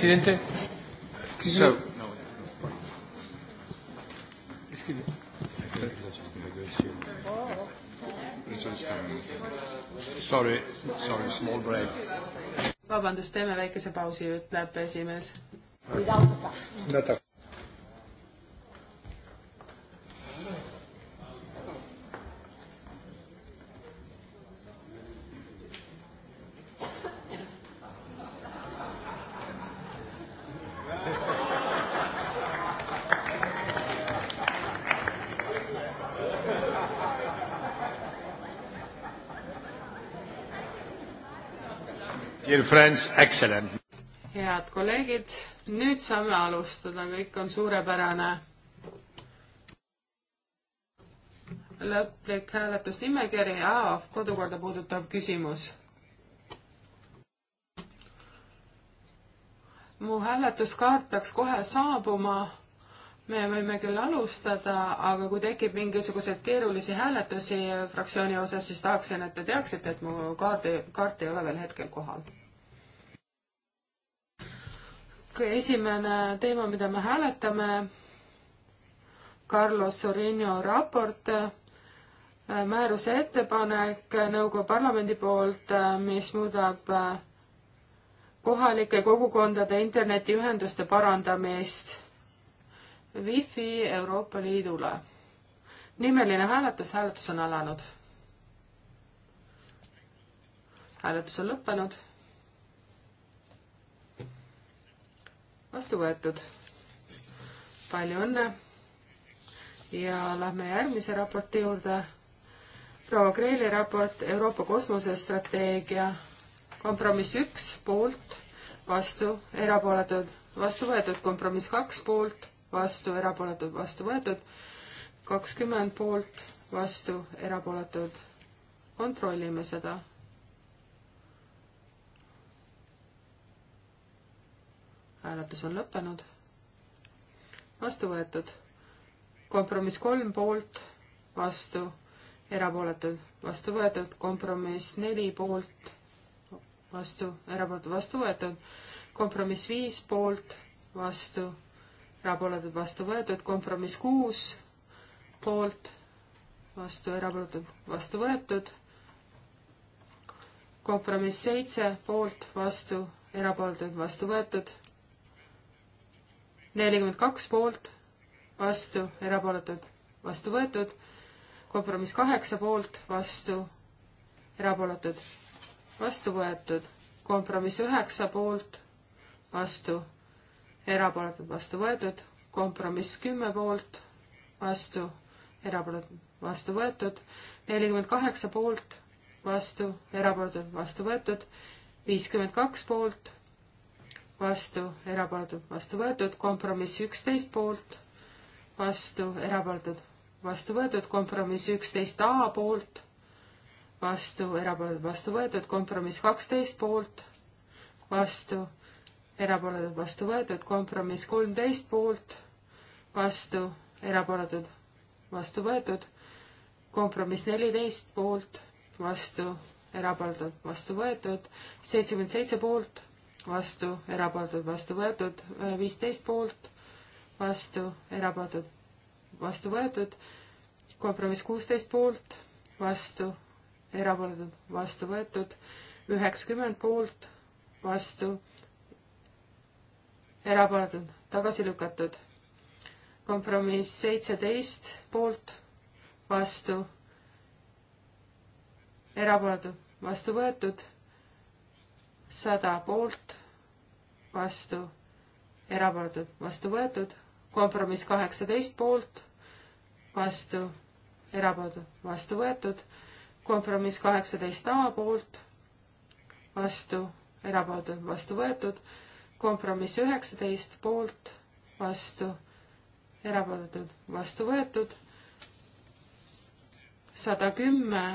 Presidente. So, sorry, sorry, small break. vabandust, teeme väikese pausi, ütleb esimees. friends, excellent. head kolleegid, nüüd saame alustada, kõik on suurepärane. lõplik hääletusnimekiri ja kodukorda puudutav küsimus. mu hääletuskaart peaks kohe saabuma me võime küll alustada, aga kui tekib mingisuguseid keerulisi hääletusi fraktsiooni osas, siis tahaksin, et te teaksite, et mu kaart, kaart ei ole veel hetkel kohal esimene teema, mida me hääletame, Carlos Sorino raport, äh, määruse ettepanek nõukogu parlamendi poolt, äh, mis muudab äh, kohalike kogukondade internetiühenduste parandamist Wi-Fi Euroopa Liidule. nimeline hääletus, hääletus on alanud. hääletus on lõppenud vastu võetud. palju õnne. ja lähme järgmise raporti juurde. proua Kreeli raport Euroopa kosmosestrateegia kompromiss üks poolt, vastu, erapooletud, vastu võetud, kompromiss kaks poolt, vastu, erapooletud, vastu võetud, kakskümmend poolt, vastu, erapooletud. kontrollime seda hääletus on lõppenud. vastu võetud. kompromiss kolm poolt, vastu, erapooletud, vastu võetud. kompromiss neli poolt, vastu, erapooletud, vastu võetud. kompromiss viis poolt, vastu, erapooletud, vastu võetud. kompromiss kuus poolt, vastu, erapooletud, vastu võetud kompromiss seitse, poolt, vastu, erapooletud, vastu võetud nelikümmend kaks poolt, vastu, erapooletud, vastu võetud. kompromiss kaheksa poolt, vastu, erapooletud, vastu võetud. kompromiss üheksa poolt, vastu, erapooletud, vastu võetud. kompromiss kümme poolt, vastu, erapooletud, vastu võetud. nelikümmend kaheksa poolt, vastu, erapooletud, vastu võetud. viiskümmend kaks poolt vastu, erapooletud, vastu võetud, kompromiss üksteist poolt, vastu, erapooletud, vastu võetud, kompromiss üksteist A poolt, vastu, erapooletud, vastu võetud, kompromiss kaksteist poolt, vastu, erapooletud, vastu võetud, kompromiss kolmteist poolt, vastu, erapooletud, vastu võetud, kompromiss neliteist poolt, vastu, erapooletud, vastu võetud, seitsekümmend seitse poolt vastu, erapooletud, vastu võetud, viisteist poolt, vastu, erapooletud, vastu võetud, kompromiss kuusteist poolt, vastu, erapooletud, vastu võetud, üheksakümmend poolt, vastu, erapooletud, tagasi lükatud. kompromiss seitseteist poolt, vastu, erapooletud, vastu võetud sada poolt, vastu, erapooletud, vastu võetud, kompromiss kaheksateist poolt, vastu, erapooletud, vastu võetud, kompromiss kaheksateist A poolt, vastu, erapooletud, vastu võetud, kompromiss üheksateist poolt, vastu, erapooletud, vastu võetud, sada kümme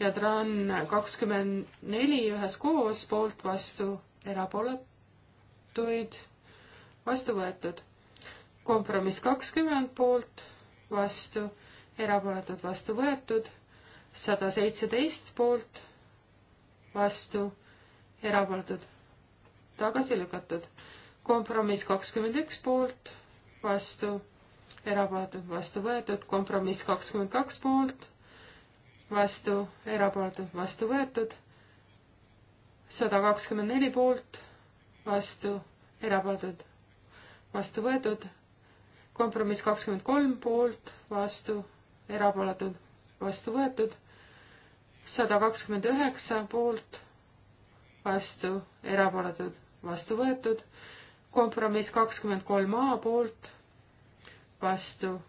ja TRAN kakskümmend neli üheskoos, poolt, vastu, erapooletuid, vastu võetud. kompromiss kakskümmend poolt, vastu, erapooletud, vastu võetud, sada seitseteist poolt, vastu, erapooletud, tagasi lükatud. kompromiss kakskümmend üks poolt, vastu, erapooletud, vastu võetud, kompromiss kakskümmend kaks poolt vastu, erapooletud, vastu võetud. sada kakskümmend neli poolt, vastu, erapooletud, vastu võetud. kompromiss kakskümmend kolm poolt, vastu, erapooletud, vastu võetud. sada kakskümmend üheksa poolt, vastu, erapooletud, vastu võetud. kompromiss kakskümmend kolm A poolt, vastu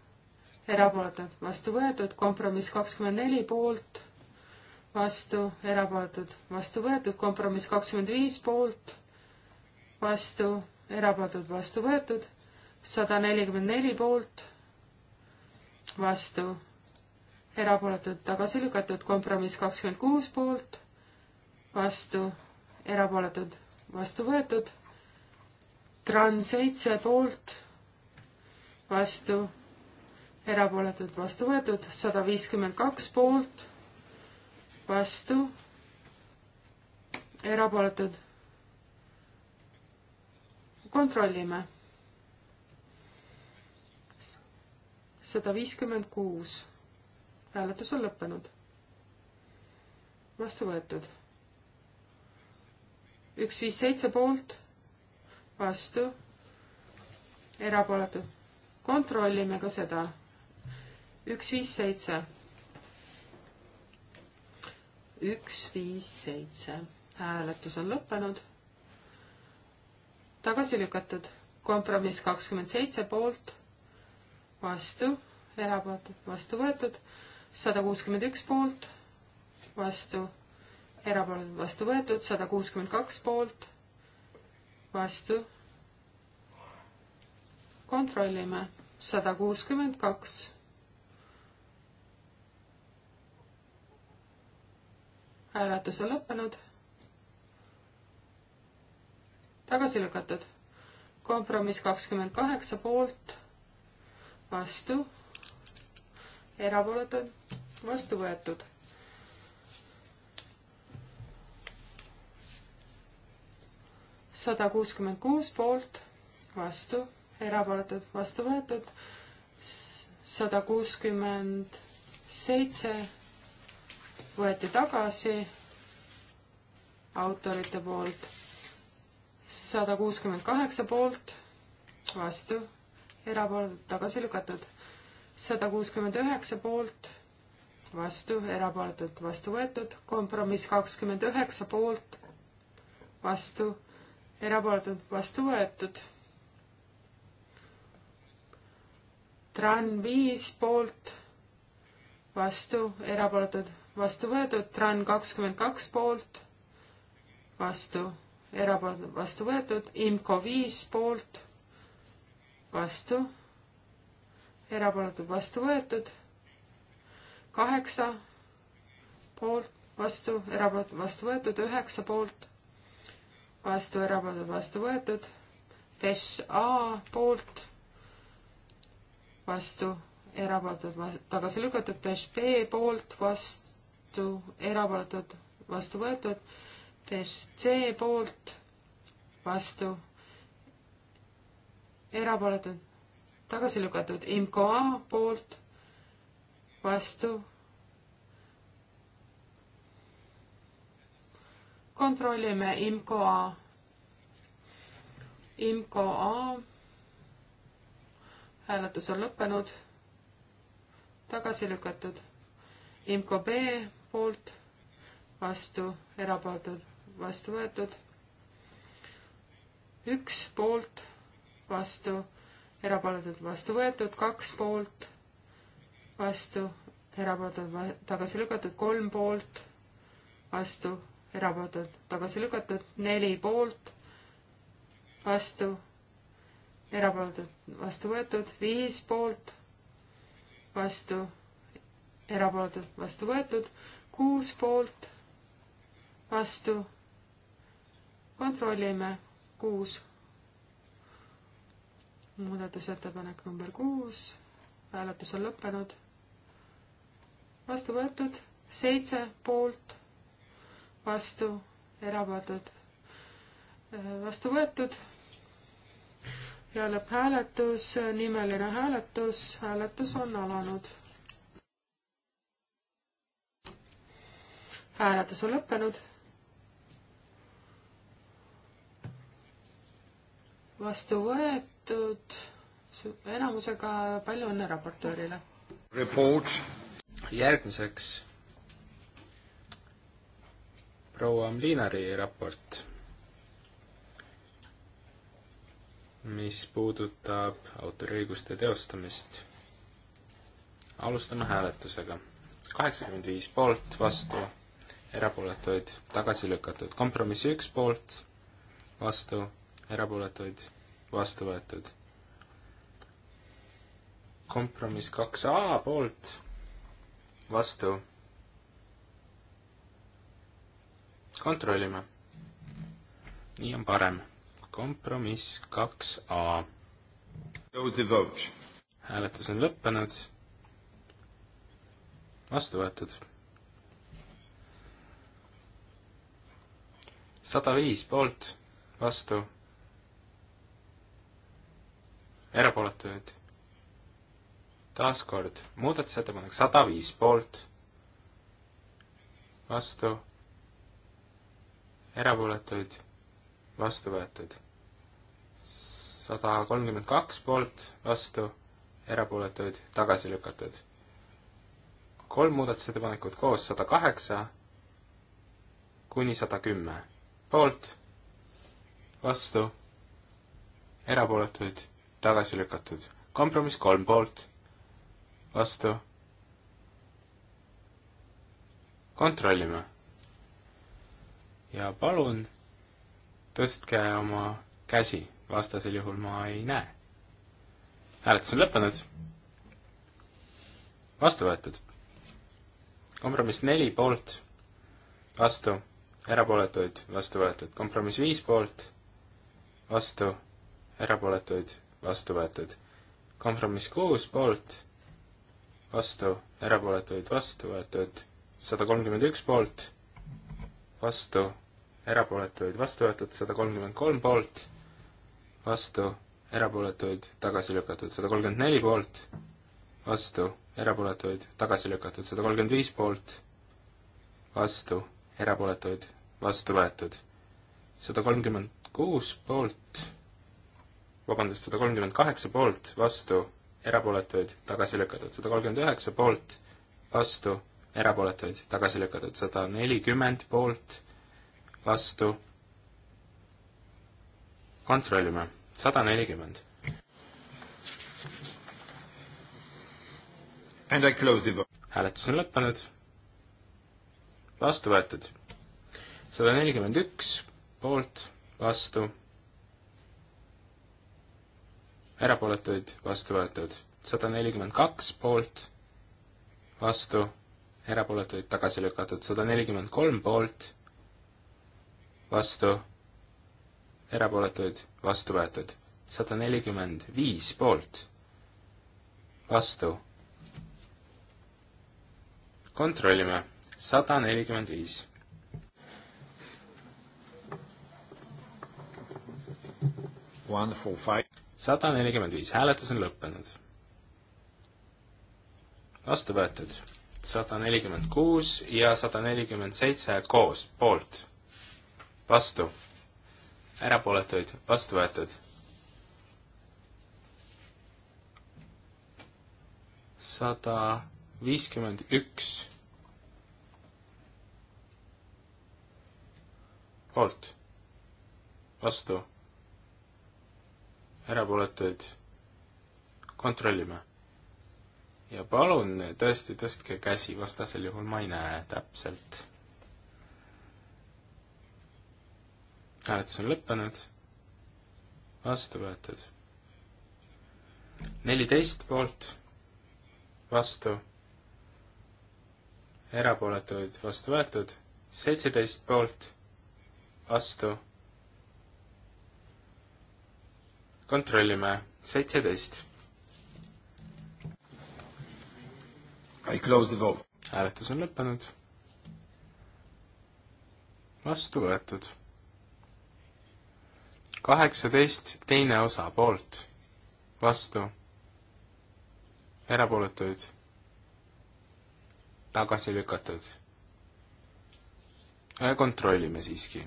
erapooletud, vastu võetud, kompromiss kakskümmend neli poolt, vastu, erapooletud, vastu võetud, kompromiss kakskümmend viis poolt, vastu, erapooletud, vastu võetud, sada nelikümmend neli poolt, vastu, erapooletud, tagasi lükatud, kompromiss kakskümmend kuus poolt, vastu, erapooletud, vastu võetud, Tran seitse poolt, vastu, erapooletud, vastu võetud, sada viiskümmend kaks poolt, vastu, erapooletud. kontrollime. sada viiskümmend kuus, hääletus on lõppenud, vastu võetud. üks viis seitse poolt, vastu, erapooletud. kontrollime ka seda üks, viis, seitse. üks, viis, seitse. hääletus on lõppenud. tagasi lükatud. kompromiss kakskümmend seitse poolt, vastu, erapooletud, vastu võetud. sada kuuskümmend üks poolt, vastu, erapooletud, vastu võetud. sada kuuskümmend kaks poolt, vastu. kontrollime. sada kuuskümmend kaks hääletus on lõppenud. tagasi lükatud. kompromiss kakskümmend kaheksa poolt, vastu, erapooletud, vastu võetud. sada kuuskümmend kuus poolt, vastu, erapooletud, vastu võetud, sada kuuskümmend seitse võeti tagasi autorite poolt. sada kuuskümmend kaheksa poolt, vastu, erapooletud, tagasi lükatud. sada kuuskümmend üheksa poolt, vastu, erapooletud, vastu võetud. kompromiss kakskümmend üheksa poolt, vastu, erapooletud, vastu võetud. Tran viis poolt, vastu, erapooletud vastu võetud, TRAN kakskümmend kaks poolt, vastu, erapooletud, vastu võetud, IMCO viis poolt, vastu, erapooletud, vastu võetud, kaheksa poolt, vastu, erapooletud, vastu võetud, üheksa poolt, vastu, erapooletud, vastu võetud, Pesh A poolt, vastu, erapooletud, tagasi lükatud, Pesh B poolt, vastu, vastu, erapooletud, vastu võetud, test C poolt, vastu, erapooletud, tagasi lükatud, IMCO A poolt, vastu, kontrollime IMCO A, IMCO A, hääletus on lõppenud tagasi lükatud. IMCO B poolt, vastu, erapooletud, vastu võetud. üks poolt, vastu, erapooletud, vastu võetud, kaks poolt, vastu, erapooletud, tagasi lükatud, kolm poolt, vastu, erapooletud, tagasi lükatud, neli poolt, vastu, erapooletud, vastu võetud, viis poolt, vastu, erapooletud, vastu võetud kuus poolt, vastu. kontrollime, kuus. muudatusettepanek number kuus, hääletus on lõppenud. vastu võetud, seitse poolt, vastu, erapooletud, vastu võetud ja lõpphääletus, nimeline hääletus, hääletus on alanud hääletus on lõppenud. vastu võetud enamusega, palju õnne raportöörile. järgmiseks proua Amlinari raport, mis puudutab autoriõiguste teostamist. alustame hääletusega. kaheksakümmend viis poolt, vastu erapooletuid tagasi lükatud. kompromiss üks poolt, vastu, erapooletuid vastu võetud. kompromiss kaks A poolt, vastu. kontrollime. nii on parem. kompromiss kaks A. hääletus on lõppenud. vastu võetud sada viis poolt, vastu, erapooletuid. taaskord muudatusettepanek sada viis poolt, vastu, erapooletuid, vastu võetud. sada kolmkümmend kaks poolt, vastu, erapooletuid, tagasi lükatud kolm muudatusettepanekut koos, sada kaheksa kuni sada kümme poolt, vastu, erapooletuid, tagasi lükatud. kompromiss kolm poolt, vastu. kontrollime. ja palun tõstke oma käsi, vastasel juhul ma ei näe. hääletus on lõppenud. vastu võetud. kompromiss neli poolt, vastu erapooletuid, vastu võetud. kompromiss viis poolt, vastu, erapooletuid, vastu võetud. kompromiss kuus poolt, vastu, erapooletuid, vastu võetud. sada kolmkümmend üks poolt, vastu, erapooletuid, vastu võetud. sada kolmkümmend kolm poolt, vastu, erapooletuid, tagasi lükatud. sada kolmkümmend neli poolt, vastu, erapooletuid, tagasi lükatud. sada kolmkümmend viis poolt, vastu, erapooletuid, vastu võetud. sada kolmkümmend kuus poolt, vabandust, sada kolmkümmend kaheksa poolt, vastu, erapooletuid, tagasi lükatud, sada kolmkümmend üheksa poolt, vastu, erapooletuid, tagasi lükatud, sada nelikümmend poolt, vastu, kontrollime, sada nelikümmend. hääletus on lõppenud, vastu võetud sada nelikümmend üks poolt, vastu, erapooletuid vastu võetud, sada nelikümmend kaks poolt, vastu, erapooletuid tagasi lükatud, sada nelikümmend kolm poolt, vastu, erapooletuid vastu võetud, sada nelikümmend viis poolt, vastu. kontrollime, sada nelikümmend viis sada nelikümmend viis, hääletus on lõppenud. vastu võetud sada nelikümmend kuus ja sada nelikümmend seitse koos, poolt, vastu, erapooletuid, vastu võetud. sada viiskümmend üks poolt, vastu erapooletuid kontrollime. ja palun tõesti tõstke käsi, vastasel juhul ma ei näe täpselt. hääletus on lõppenud, vastu võetud. neliteist poolt, vastu, erapooletuid vastu võetud, seitseteist poolt, vastu kontrollime, seitseteist. hääletus on lõppenud. vastu võetud. kaheksateist, teine osa poolt, vastu, erapooletuid, tagasi lükatud. Äh, kontrollime siiski.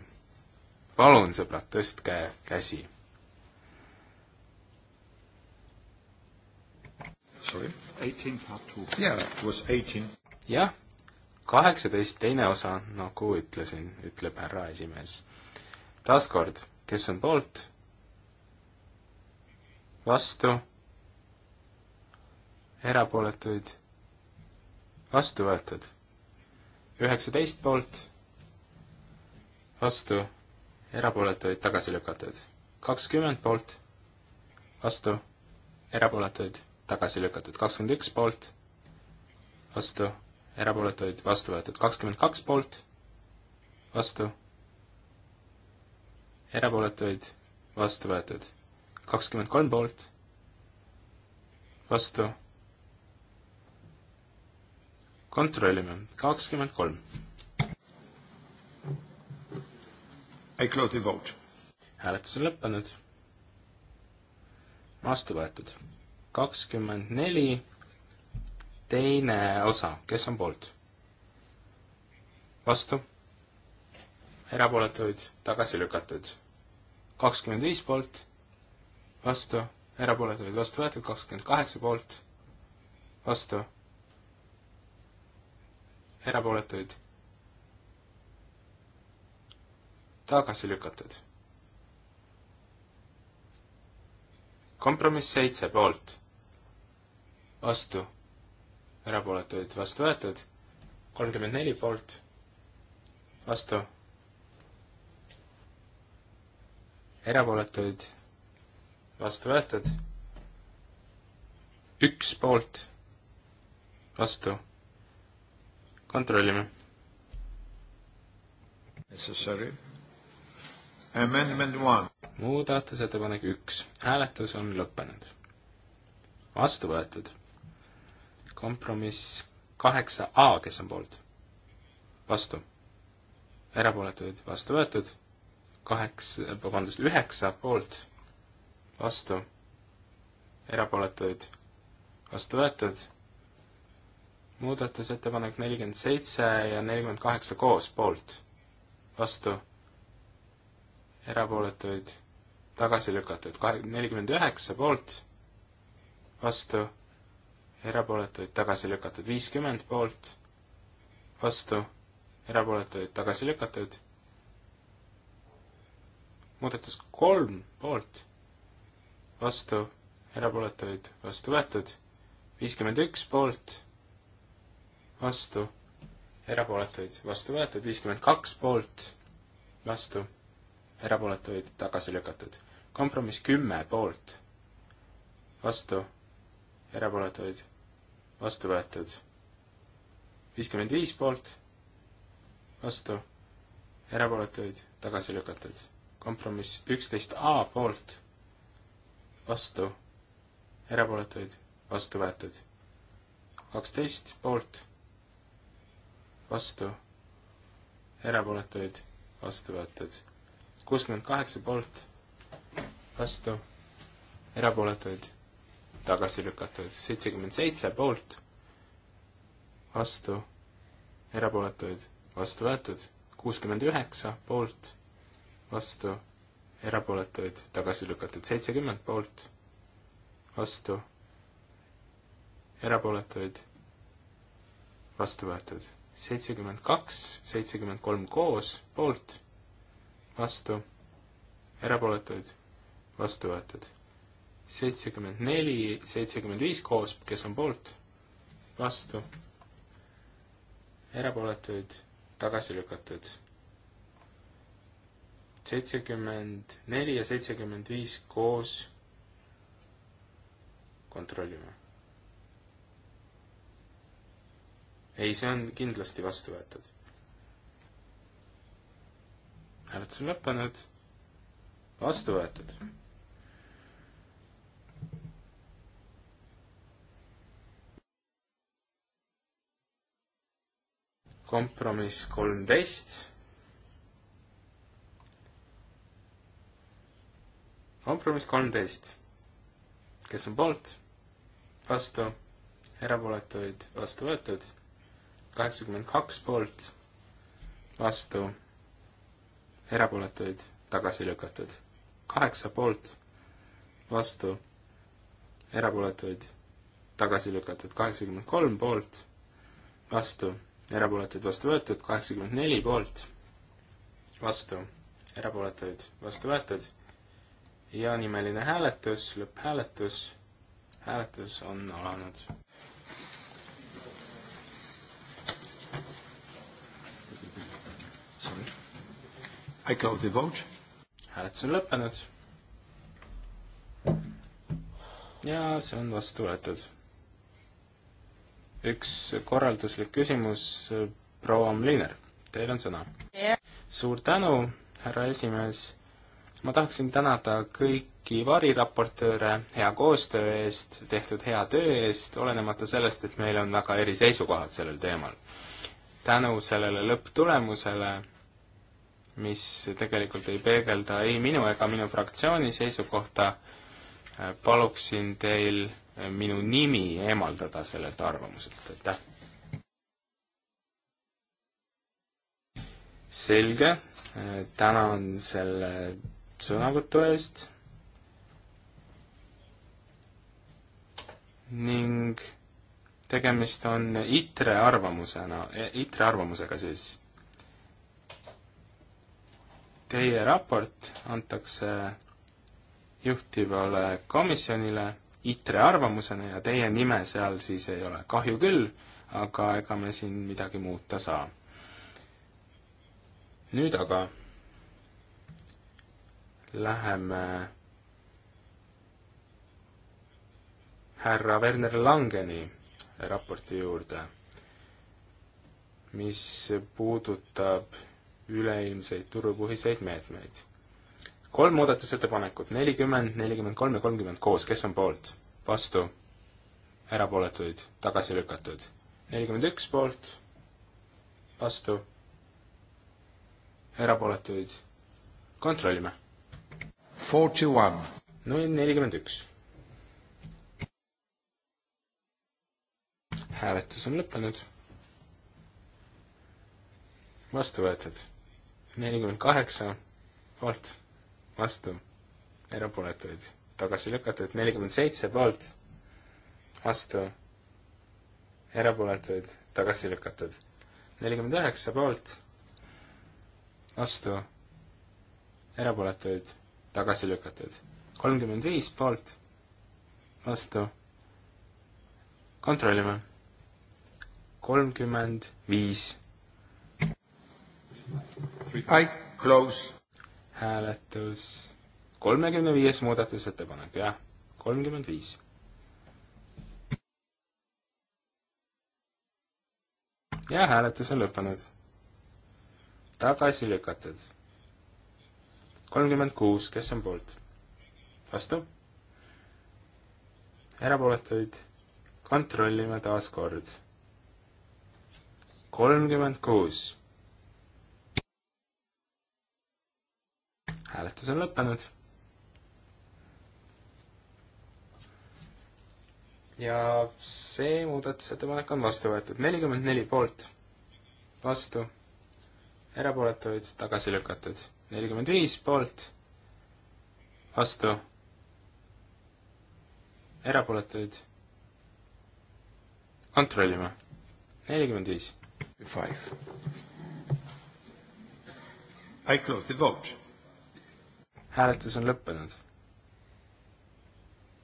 palun, sõbrad, tõstke käsi Sorry? eighteen part two. Yeah, it was eighteen. jah, kaheksateist teine osa, nagu ütlesin, ütleb härra esimees. taaskord, kes on poolt? vastu? erapooletuid? vastu võetud. üheksateist poolt? vastu? erapooletuid tagasi lükatud. kakskümmend poolt? vastu? erapooletuid tagasi lükatud kakskümmend üks poolt, vastu, erapooletuid vastu võetud kakskümmend kaks poolt, vastu, erapooletuid vastu võetud kakskümmend kolm poolt, vastu, kontrollime, kakskümmend kolm. I close the vote. hääletus on lõppenud. vastu võetud kakskümmend neli, teine osa, kes on poolt? vastu? erapooletuid, tagasi lükatud. kakskümmend viis poolt, vastu, erapooletuid vastu võetud, kakskümmend kaheksa poolt, vastu, erapooletuid tagasi lükatud. kompromiss seitse poolt, vastu, erapooletuid vastu võetud, kolmkümmend neli poolt, vastu, erapooletuid vastu võetud, üks poolt, vastu, kontrollime. Necessary. Amendment one. muudatusettepanek üks, hääletus on lõppenud. vastu võetud kompromiss kaheksa A, kes on poolt? vastu. erapooletuid vastu võetud, kaheksa, vabandust, üheksa poolt, vastu, erapooletuid vastu võetud, muudatusettepanek nelikümmend seitse ja nelikümmend kaheksa koos poolt, vastu, erapooletuid tagasi lükatud, kahe, nelikümmend üheksa poolt, vastu erapooletuid tagasi lükatud viiskümmend poolt, vastu, erapooletuid tagasi lükatud. muudatus kolm poolt, vastu, erapooletuid vastu võetud, viiskümmend üks poolt, vastu, erapooletuid vastu võetud, viiskümmend kaks poolt, vastu, erapooletuid tagasi lükatud. kompromiss kümme poolt, vastu, erapooletuid vastu võetud. viiskümmend viis poolt, vastu, erapooletuid tagasi lükatud. kompromiss üksteist A poolt, vastu, erapooletuid vastu võetud. kaksteist poolt, vastu, erapooletuid vastu võetud. kuuskümmend kaheksa poolt, vastu, erapooletuid tagasi lükatud, seitsekümmend seitse poolt, vastu, erapooletuid, vastu võetud, kuuskümmend üheksa poolt, vastu, erapooletuid, tagasi lükatud, seitsekümmend poolt, vastu, erapooletuid, vastu võetud, seitsekümmend kaks, seitsekümmend kolm koos, poolt, vastu, erapooletuid, vastu võetud seitsekümmend neli, seitsekümmend viis koos, kes on poolt, vastu, erapooletuid, tagasi lükatud. seitsekümmend neli ja seitsekümmend viis koos kontrollime. ei, see on kindlasti vastu võetud. hääletus on lõppenud, vastu võetud kompromiss kolmteist. kompromiss kolmteist. kes on poolt? vastu? erapooletuid vastu võetud? kaheksakümmend kaks poolt, vastu, erapooletuid tagasi lükatud. kaheksa poolt, vastu, erapooletuid tagasi lükatud. kaheksakümmend kolm poolt, vastu erapooletuid vastu võetud, kaheksakümmend neli poolt, vastu, erapooletuid vastu võetud ja nimeline hääletus, lõpphääletus, hääletus on alanud. I close the vote. hääletus on lõppenud. ja see on vastu võetud üks korralduslik küsimus, proua Mliner, teil on sõna. suur tänu, härra esimees. ma tahaksin tänada kõiki variraportööre hea koostöö eest, tehtud hea töö eest, olenemata sellest, et meil on väga eri seisukohad sellel teemal. tänu sellele lõpptulemusele mis tegelikult ei peegelda ei minu ega minu fraktsiooni seisukohta, paluksin teil minu nimi eemaldada sellelt arvamuselt, aitäh. selge, tänan selle sõnavõtu eest ning tegemist on ITRE arvamusena, eh, ITRE arvamusega siis. Teie raport antakse juhtivale komisjonile ITRE arvamusena ja teie nime seal siis ei ole. kahju küll, aga ega me siin midagi muuta saa. nüüd aga läheme härra Werner Langeni raporti juurde, mis puudutab üleilmseid turupõhiseid meetmeid kolm muudatusettepanekut, nelikümmend, nelikümmend kolm ja kolmkümmend koos, kes on poolt? vastu? erapooletuid? tagasi lükatud? nelikümmend üks poolt, vastu, erapooletuid kontrollime. Forty one. null nelikümmend üks. hääletus on lõppenud. vastu võetud nelikümmend kaheksa poolt vastu, erapooletuid tagasi lükatud, nelikümmend seitse poolt, vastu, erapooletuid tagasi lükatud, nelikümmend üheksa poolt, vastu, erapooletuid tagasi lükatud, kolmkümmend viis poolt, vastu, kontrollime, kolmkümmend viis. I close hääletus, kolmekümne viies muudatusettepanek, jah, kolmkümmend viis. ja hääletus on lõppenud. tagasi lükatud. kolmkümmend kuus, kes on poolt? vastu? erapooletuid kontrollime taas kord. kolmkümmend kuus hääletus on lõppenud. ja see muudatusettepanek on vastu võetud, nelikümmend neli poolt, vastu, erapooletuid tagasi lükatud, nelikümmend viis poolt, vastu, erapooletuid kontrollime, nelikümmend viis. Five. I close the vote hääletus on lõppenud.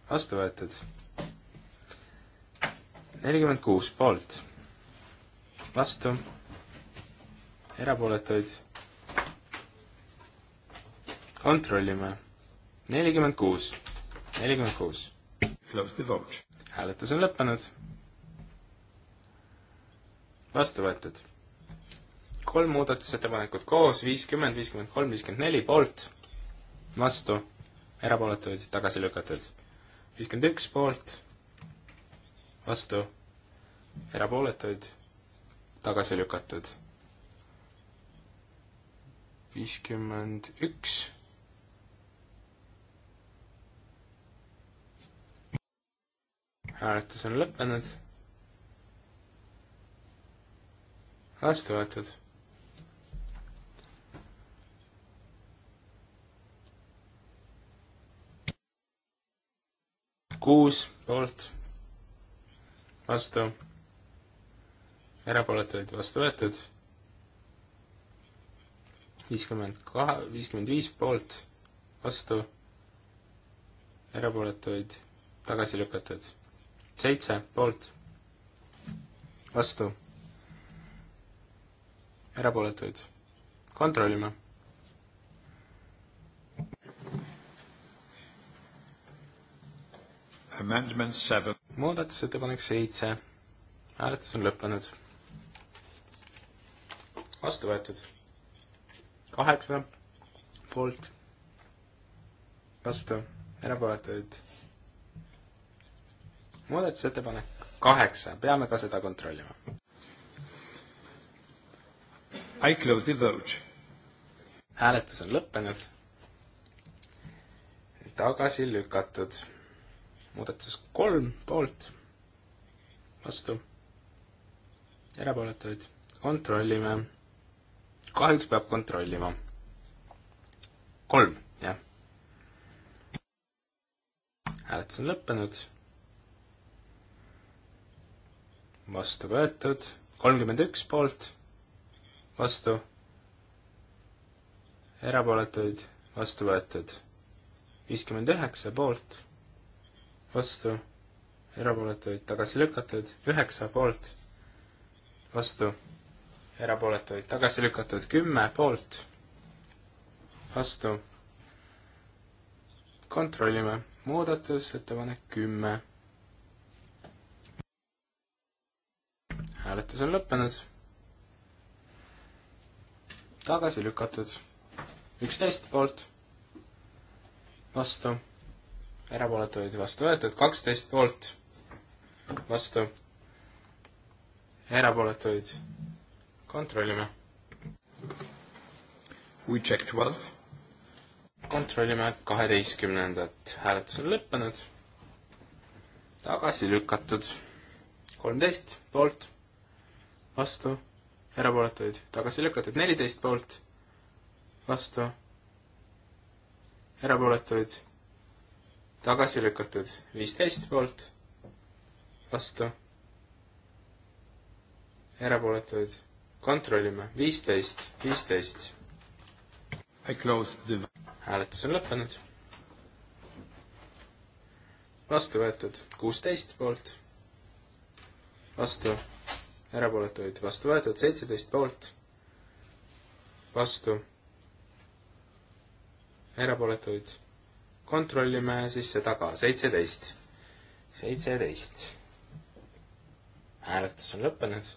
vastu võetud. nelikümmend kuus poolt, vastu, erapooletuid. kontrollime. nelikümmend kuus, nelikümmend kuus. hääletus on lõppenud. vastu võetud. kolm muudatusettepanekut koos, viiskümmend, viiskümmend kolm, viiskümmend neli poolt vastu, erapooletuid tagasi lükatud. viiskümmend üks poolt, vastu, erapooletuid tagasi lükatud. viiskümmend üks hääletus on lõppenud. vastu võetud kuus poolt, vastu, erapooletuid vastu võetud, viiskümmend kahe, viiskümmend viis poolt, vastu, erapooletuid tagasi lükatud, seitse poolt, vastu, erapooletuid kontrollime muudatusettepanek seitse, hääletus on lõppenud. vastu võetud. kaheksa poolt, vastu, erapooletuid. muudatusettepanek kaheksa, peame ka seda kontrollima. I close the vote. hääletus on lõppenud. tagasi lükatud muudatus kolm poolt, vastu, erapooletuid kontrollime. kahjuks peab kontrollima. kolm, jah. hääletus on lõppenud. vastu võetud, kolmkümmend üks poolt, vastu, erapooletuid, vastu võetud, viiskümmend üheksa poolt vastu, erapooletuid tagasi lükatud, üheksa poolt, vastu, erapooletuid tagasi lükatud, kümme poolt, vastu. kontrollime, muudatusettepanek kümme. hääletus on lõppenud. tagasi lükatud, üksteist poolt, vastu erapooletuid vastu võetud, kaksteist poolt vastu, erapooletuid kontrollime. We check twelve. kontrollime kaheteistkümnendat, hääletus on lõppenud, tagasi lükatud, kolmteist poolt, vastu, erapooletuid tagasi lükatud, neliteist poolt, vastu, erapooletuid tagasi lükatud, viisteist poolt, vastu, erapooletuid, kontrollime, viisteist, viisteist. hääletus on lõppenud. vastu võetud kuusteist poolt, vastu, erapooletuid, vastu võetud seitseteist poolt, vastu, erapooletuid kontrollime siis seda ka, seitseteist. seitseteist. hääletus on lõppenud.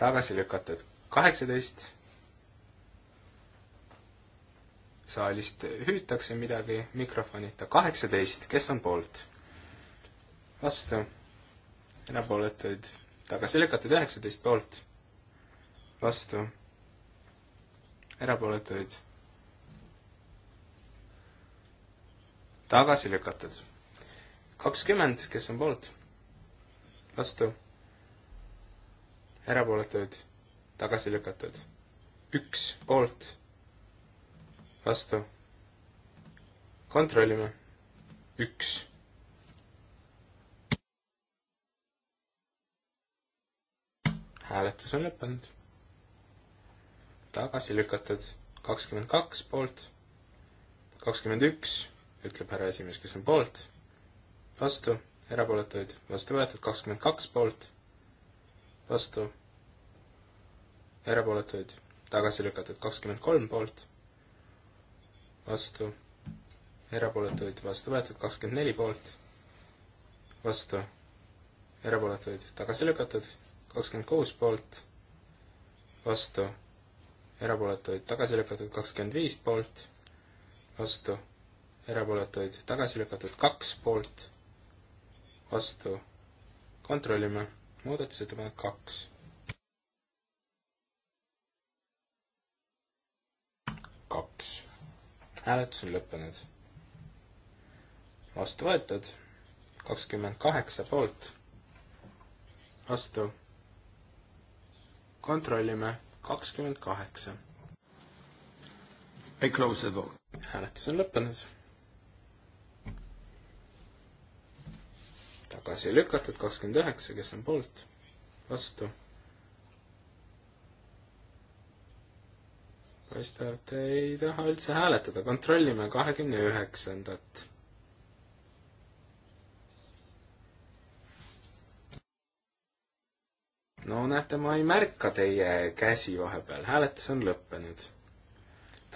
tagasi lükatud kaheksateist. saalist hüütakse midagi mikrofonita, kaheksateist, kes on poolt? vastu. erapooletuid tagasi lükatud üheksateist poolt. vastu. erapooletuid tagasi lükatud. kakskümmend, kes on poolt? vastu? erapooletuid? tagasi lükatud. üks poolt? vastu? kontrollime. üks. hääletus on lõppenud. tagasi lükatud kakskümmend kaks poolt, kakskümmend üks ütleb härra esimees, kes on poolt, vastu, erapooletuid, vastu võetud, kakskümmend kaks poolt, vastu, erapooletuid, tagasi lükatud, kakskümmend kolm poolt, vastu, erapooletuid, vastu võetud, kakskümmend neli poolt, vastu, erapooletuid, tagasi lükatud, kakskümmend kuus poolt, vastu, erapooletuid tagasi lükatud kakskümmend viis poolt, vastu erapooletuid tagasi lükatud kaks poolt, vastu. kontrollime, muudatusettepanek kaks. kaks. hääletus on lõppenud. vastu võetud, kakskümmend kaheksa poolt, vastu. kontrollime, kakskümmend kaheksa. I close the vote. hääletus on lõppenud tagasi lükatud, kakskümmend üheksa, kes on poolt, vastu. paistab, te ei taha üldse hääletada, kontrollime kahekümne üheksandat. no näete, ma ei märka teie käsi vahepeal, hääletus on lõppenud.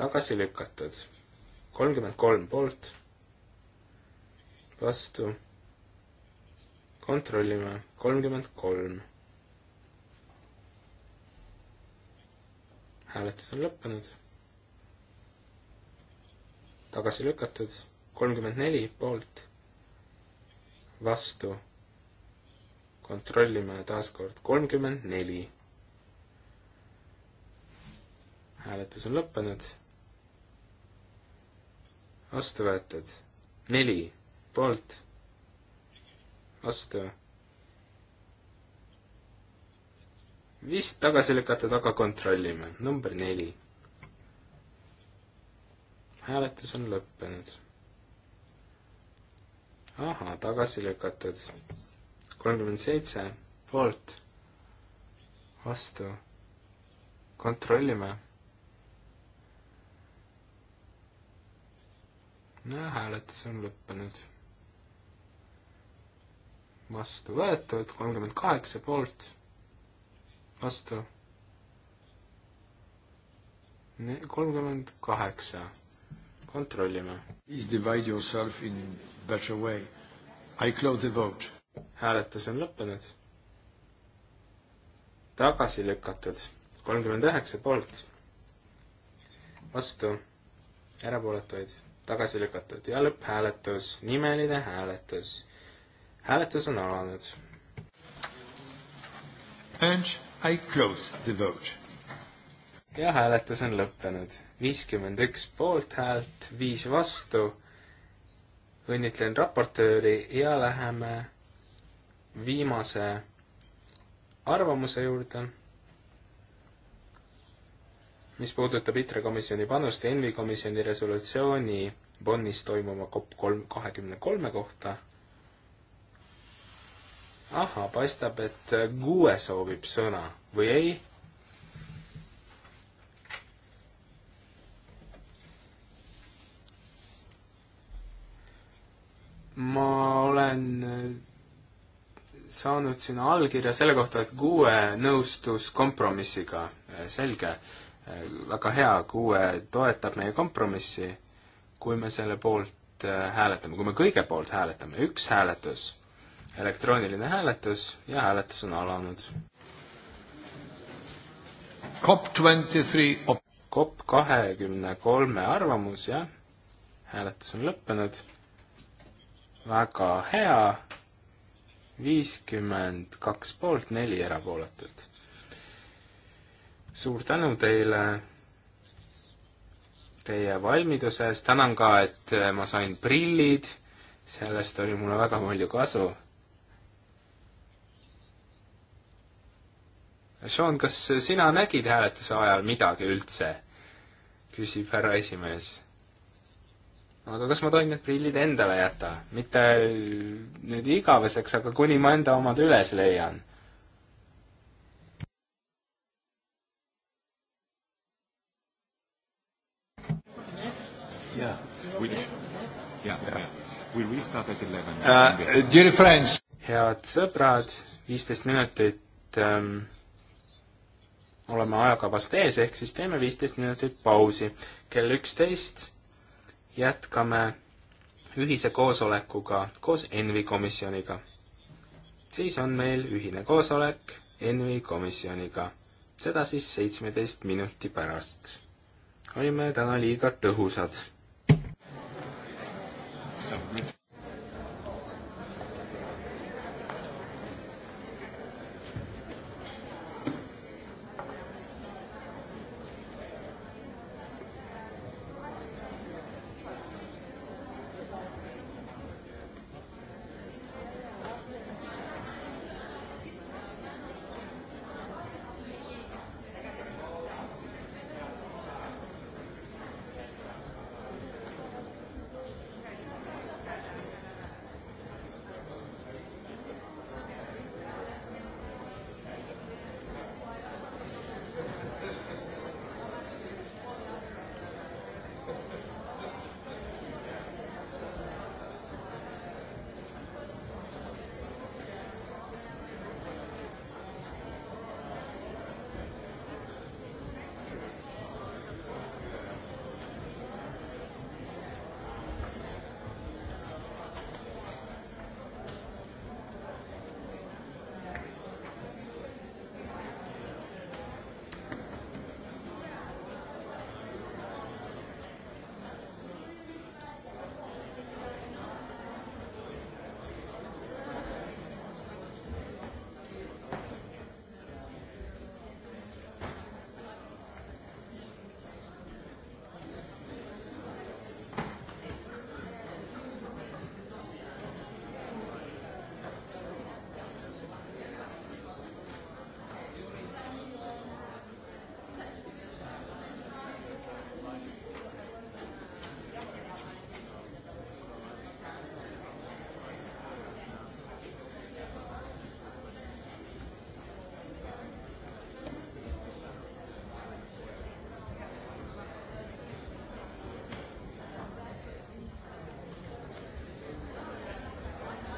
tagasi lükatud, kolmkümmend kolm poolt, vastu kontrollime, kolmkümmend kolm. hääletus on lõppenud. tagasi lükatud, kolmkümmend neli poolt, vastu. kontrollime taas kord, kolmkümmend neli. hääletus on lõppenud. vastu võetud, neli poolt vastu. vist tagasi lükatud, aga kontrollime. number neli. hääletus on lõppenud. ahah, tagasi lükatud. kolmkümmend seitse poolt, vastu. kontrollime no hääletus on lõppenud vastu võetud, kolmkümmend kaheksa poolt, vastu kolmkümmend kaheksa, kontrollime. Please divide yourself in better way. I close the vote. hääletus on lõppenud. tagasi lükatud, kolmkümmend üheksa poolt, vastu, erapooletuid, tagasi lükatud ja lõpphääletus, nimeline hääletus hääletus on alanud. And I close the vote. ja hääletus on lõppenud. viiskümmend üks poolthäält, viis vastu. õnnitlen raportööri ja läheme viimase arvamuse juurde, mis puudutab ITRE komisjoni panust ENVI komisjoni resolutsiooni Bonnis toimuma COP kolm, kahekümne kolme kohta ahah, paistab, et äh, Gue soovib sõna või ei? ma olen äh, saanud sinna allkirja selle kohta, et Gue nõustus kompromissiga, äh, selge, väga hea, Gue toetab meie kompromissi, kui me selle poolt hääletame, kui me kõige poolt hääletame, üks hääletus elektrooniline hääletus ja hääletus on alanud. COP kahekümne COP kahekümne kolme arvamus, jah. hääletus on lõppenud. väga hea. viiskümmend kaks poolt, neli erapooletut. suur tänu teile teie valmiduse eest, tänan ka, et ma sain prillid, sellest oli mulle väga palju kasu Sean, kas sina nägid hääletuse ajal midagi üldse? küsib härra esimees. aga kas ma tohin need prillid endale jätta? mitte nüüd igaveseks, aga kuni ma enda omad üles leian Yeah. We, yeah, yeah. yeah. We restart at 11. Uh, dear friends. head sõbrad, viisteist minutit ähm, oleme ajakavast ees, ehk siis teeme viisteist minutit pausi. kell üksteist jätkame ühise koosolekuga koos ENVI komisjoniga. siis on meil ühine koosolek ENVI komisjoniga, seda siis seitsmeteist minuti pärast. olime täna liiga tõhusad.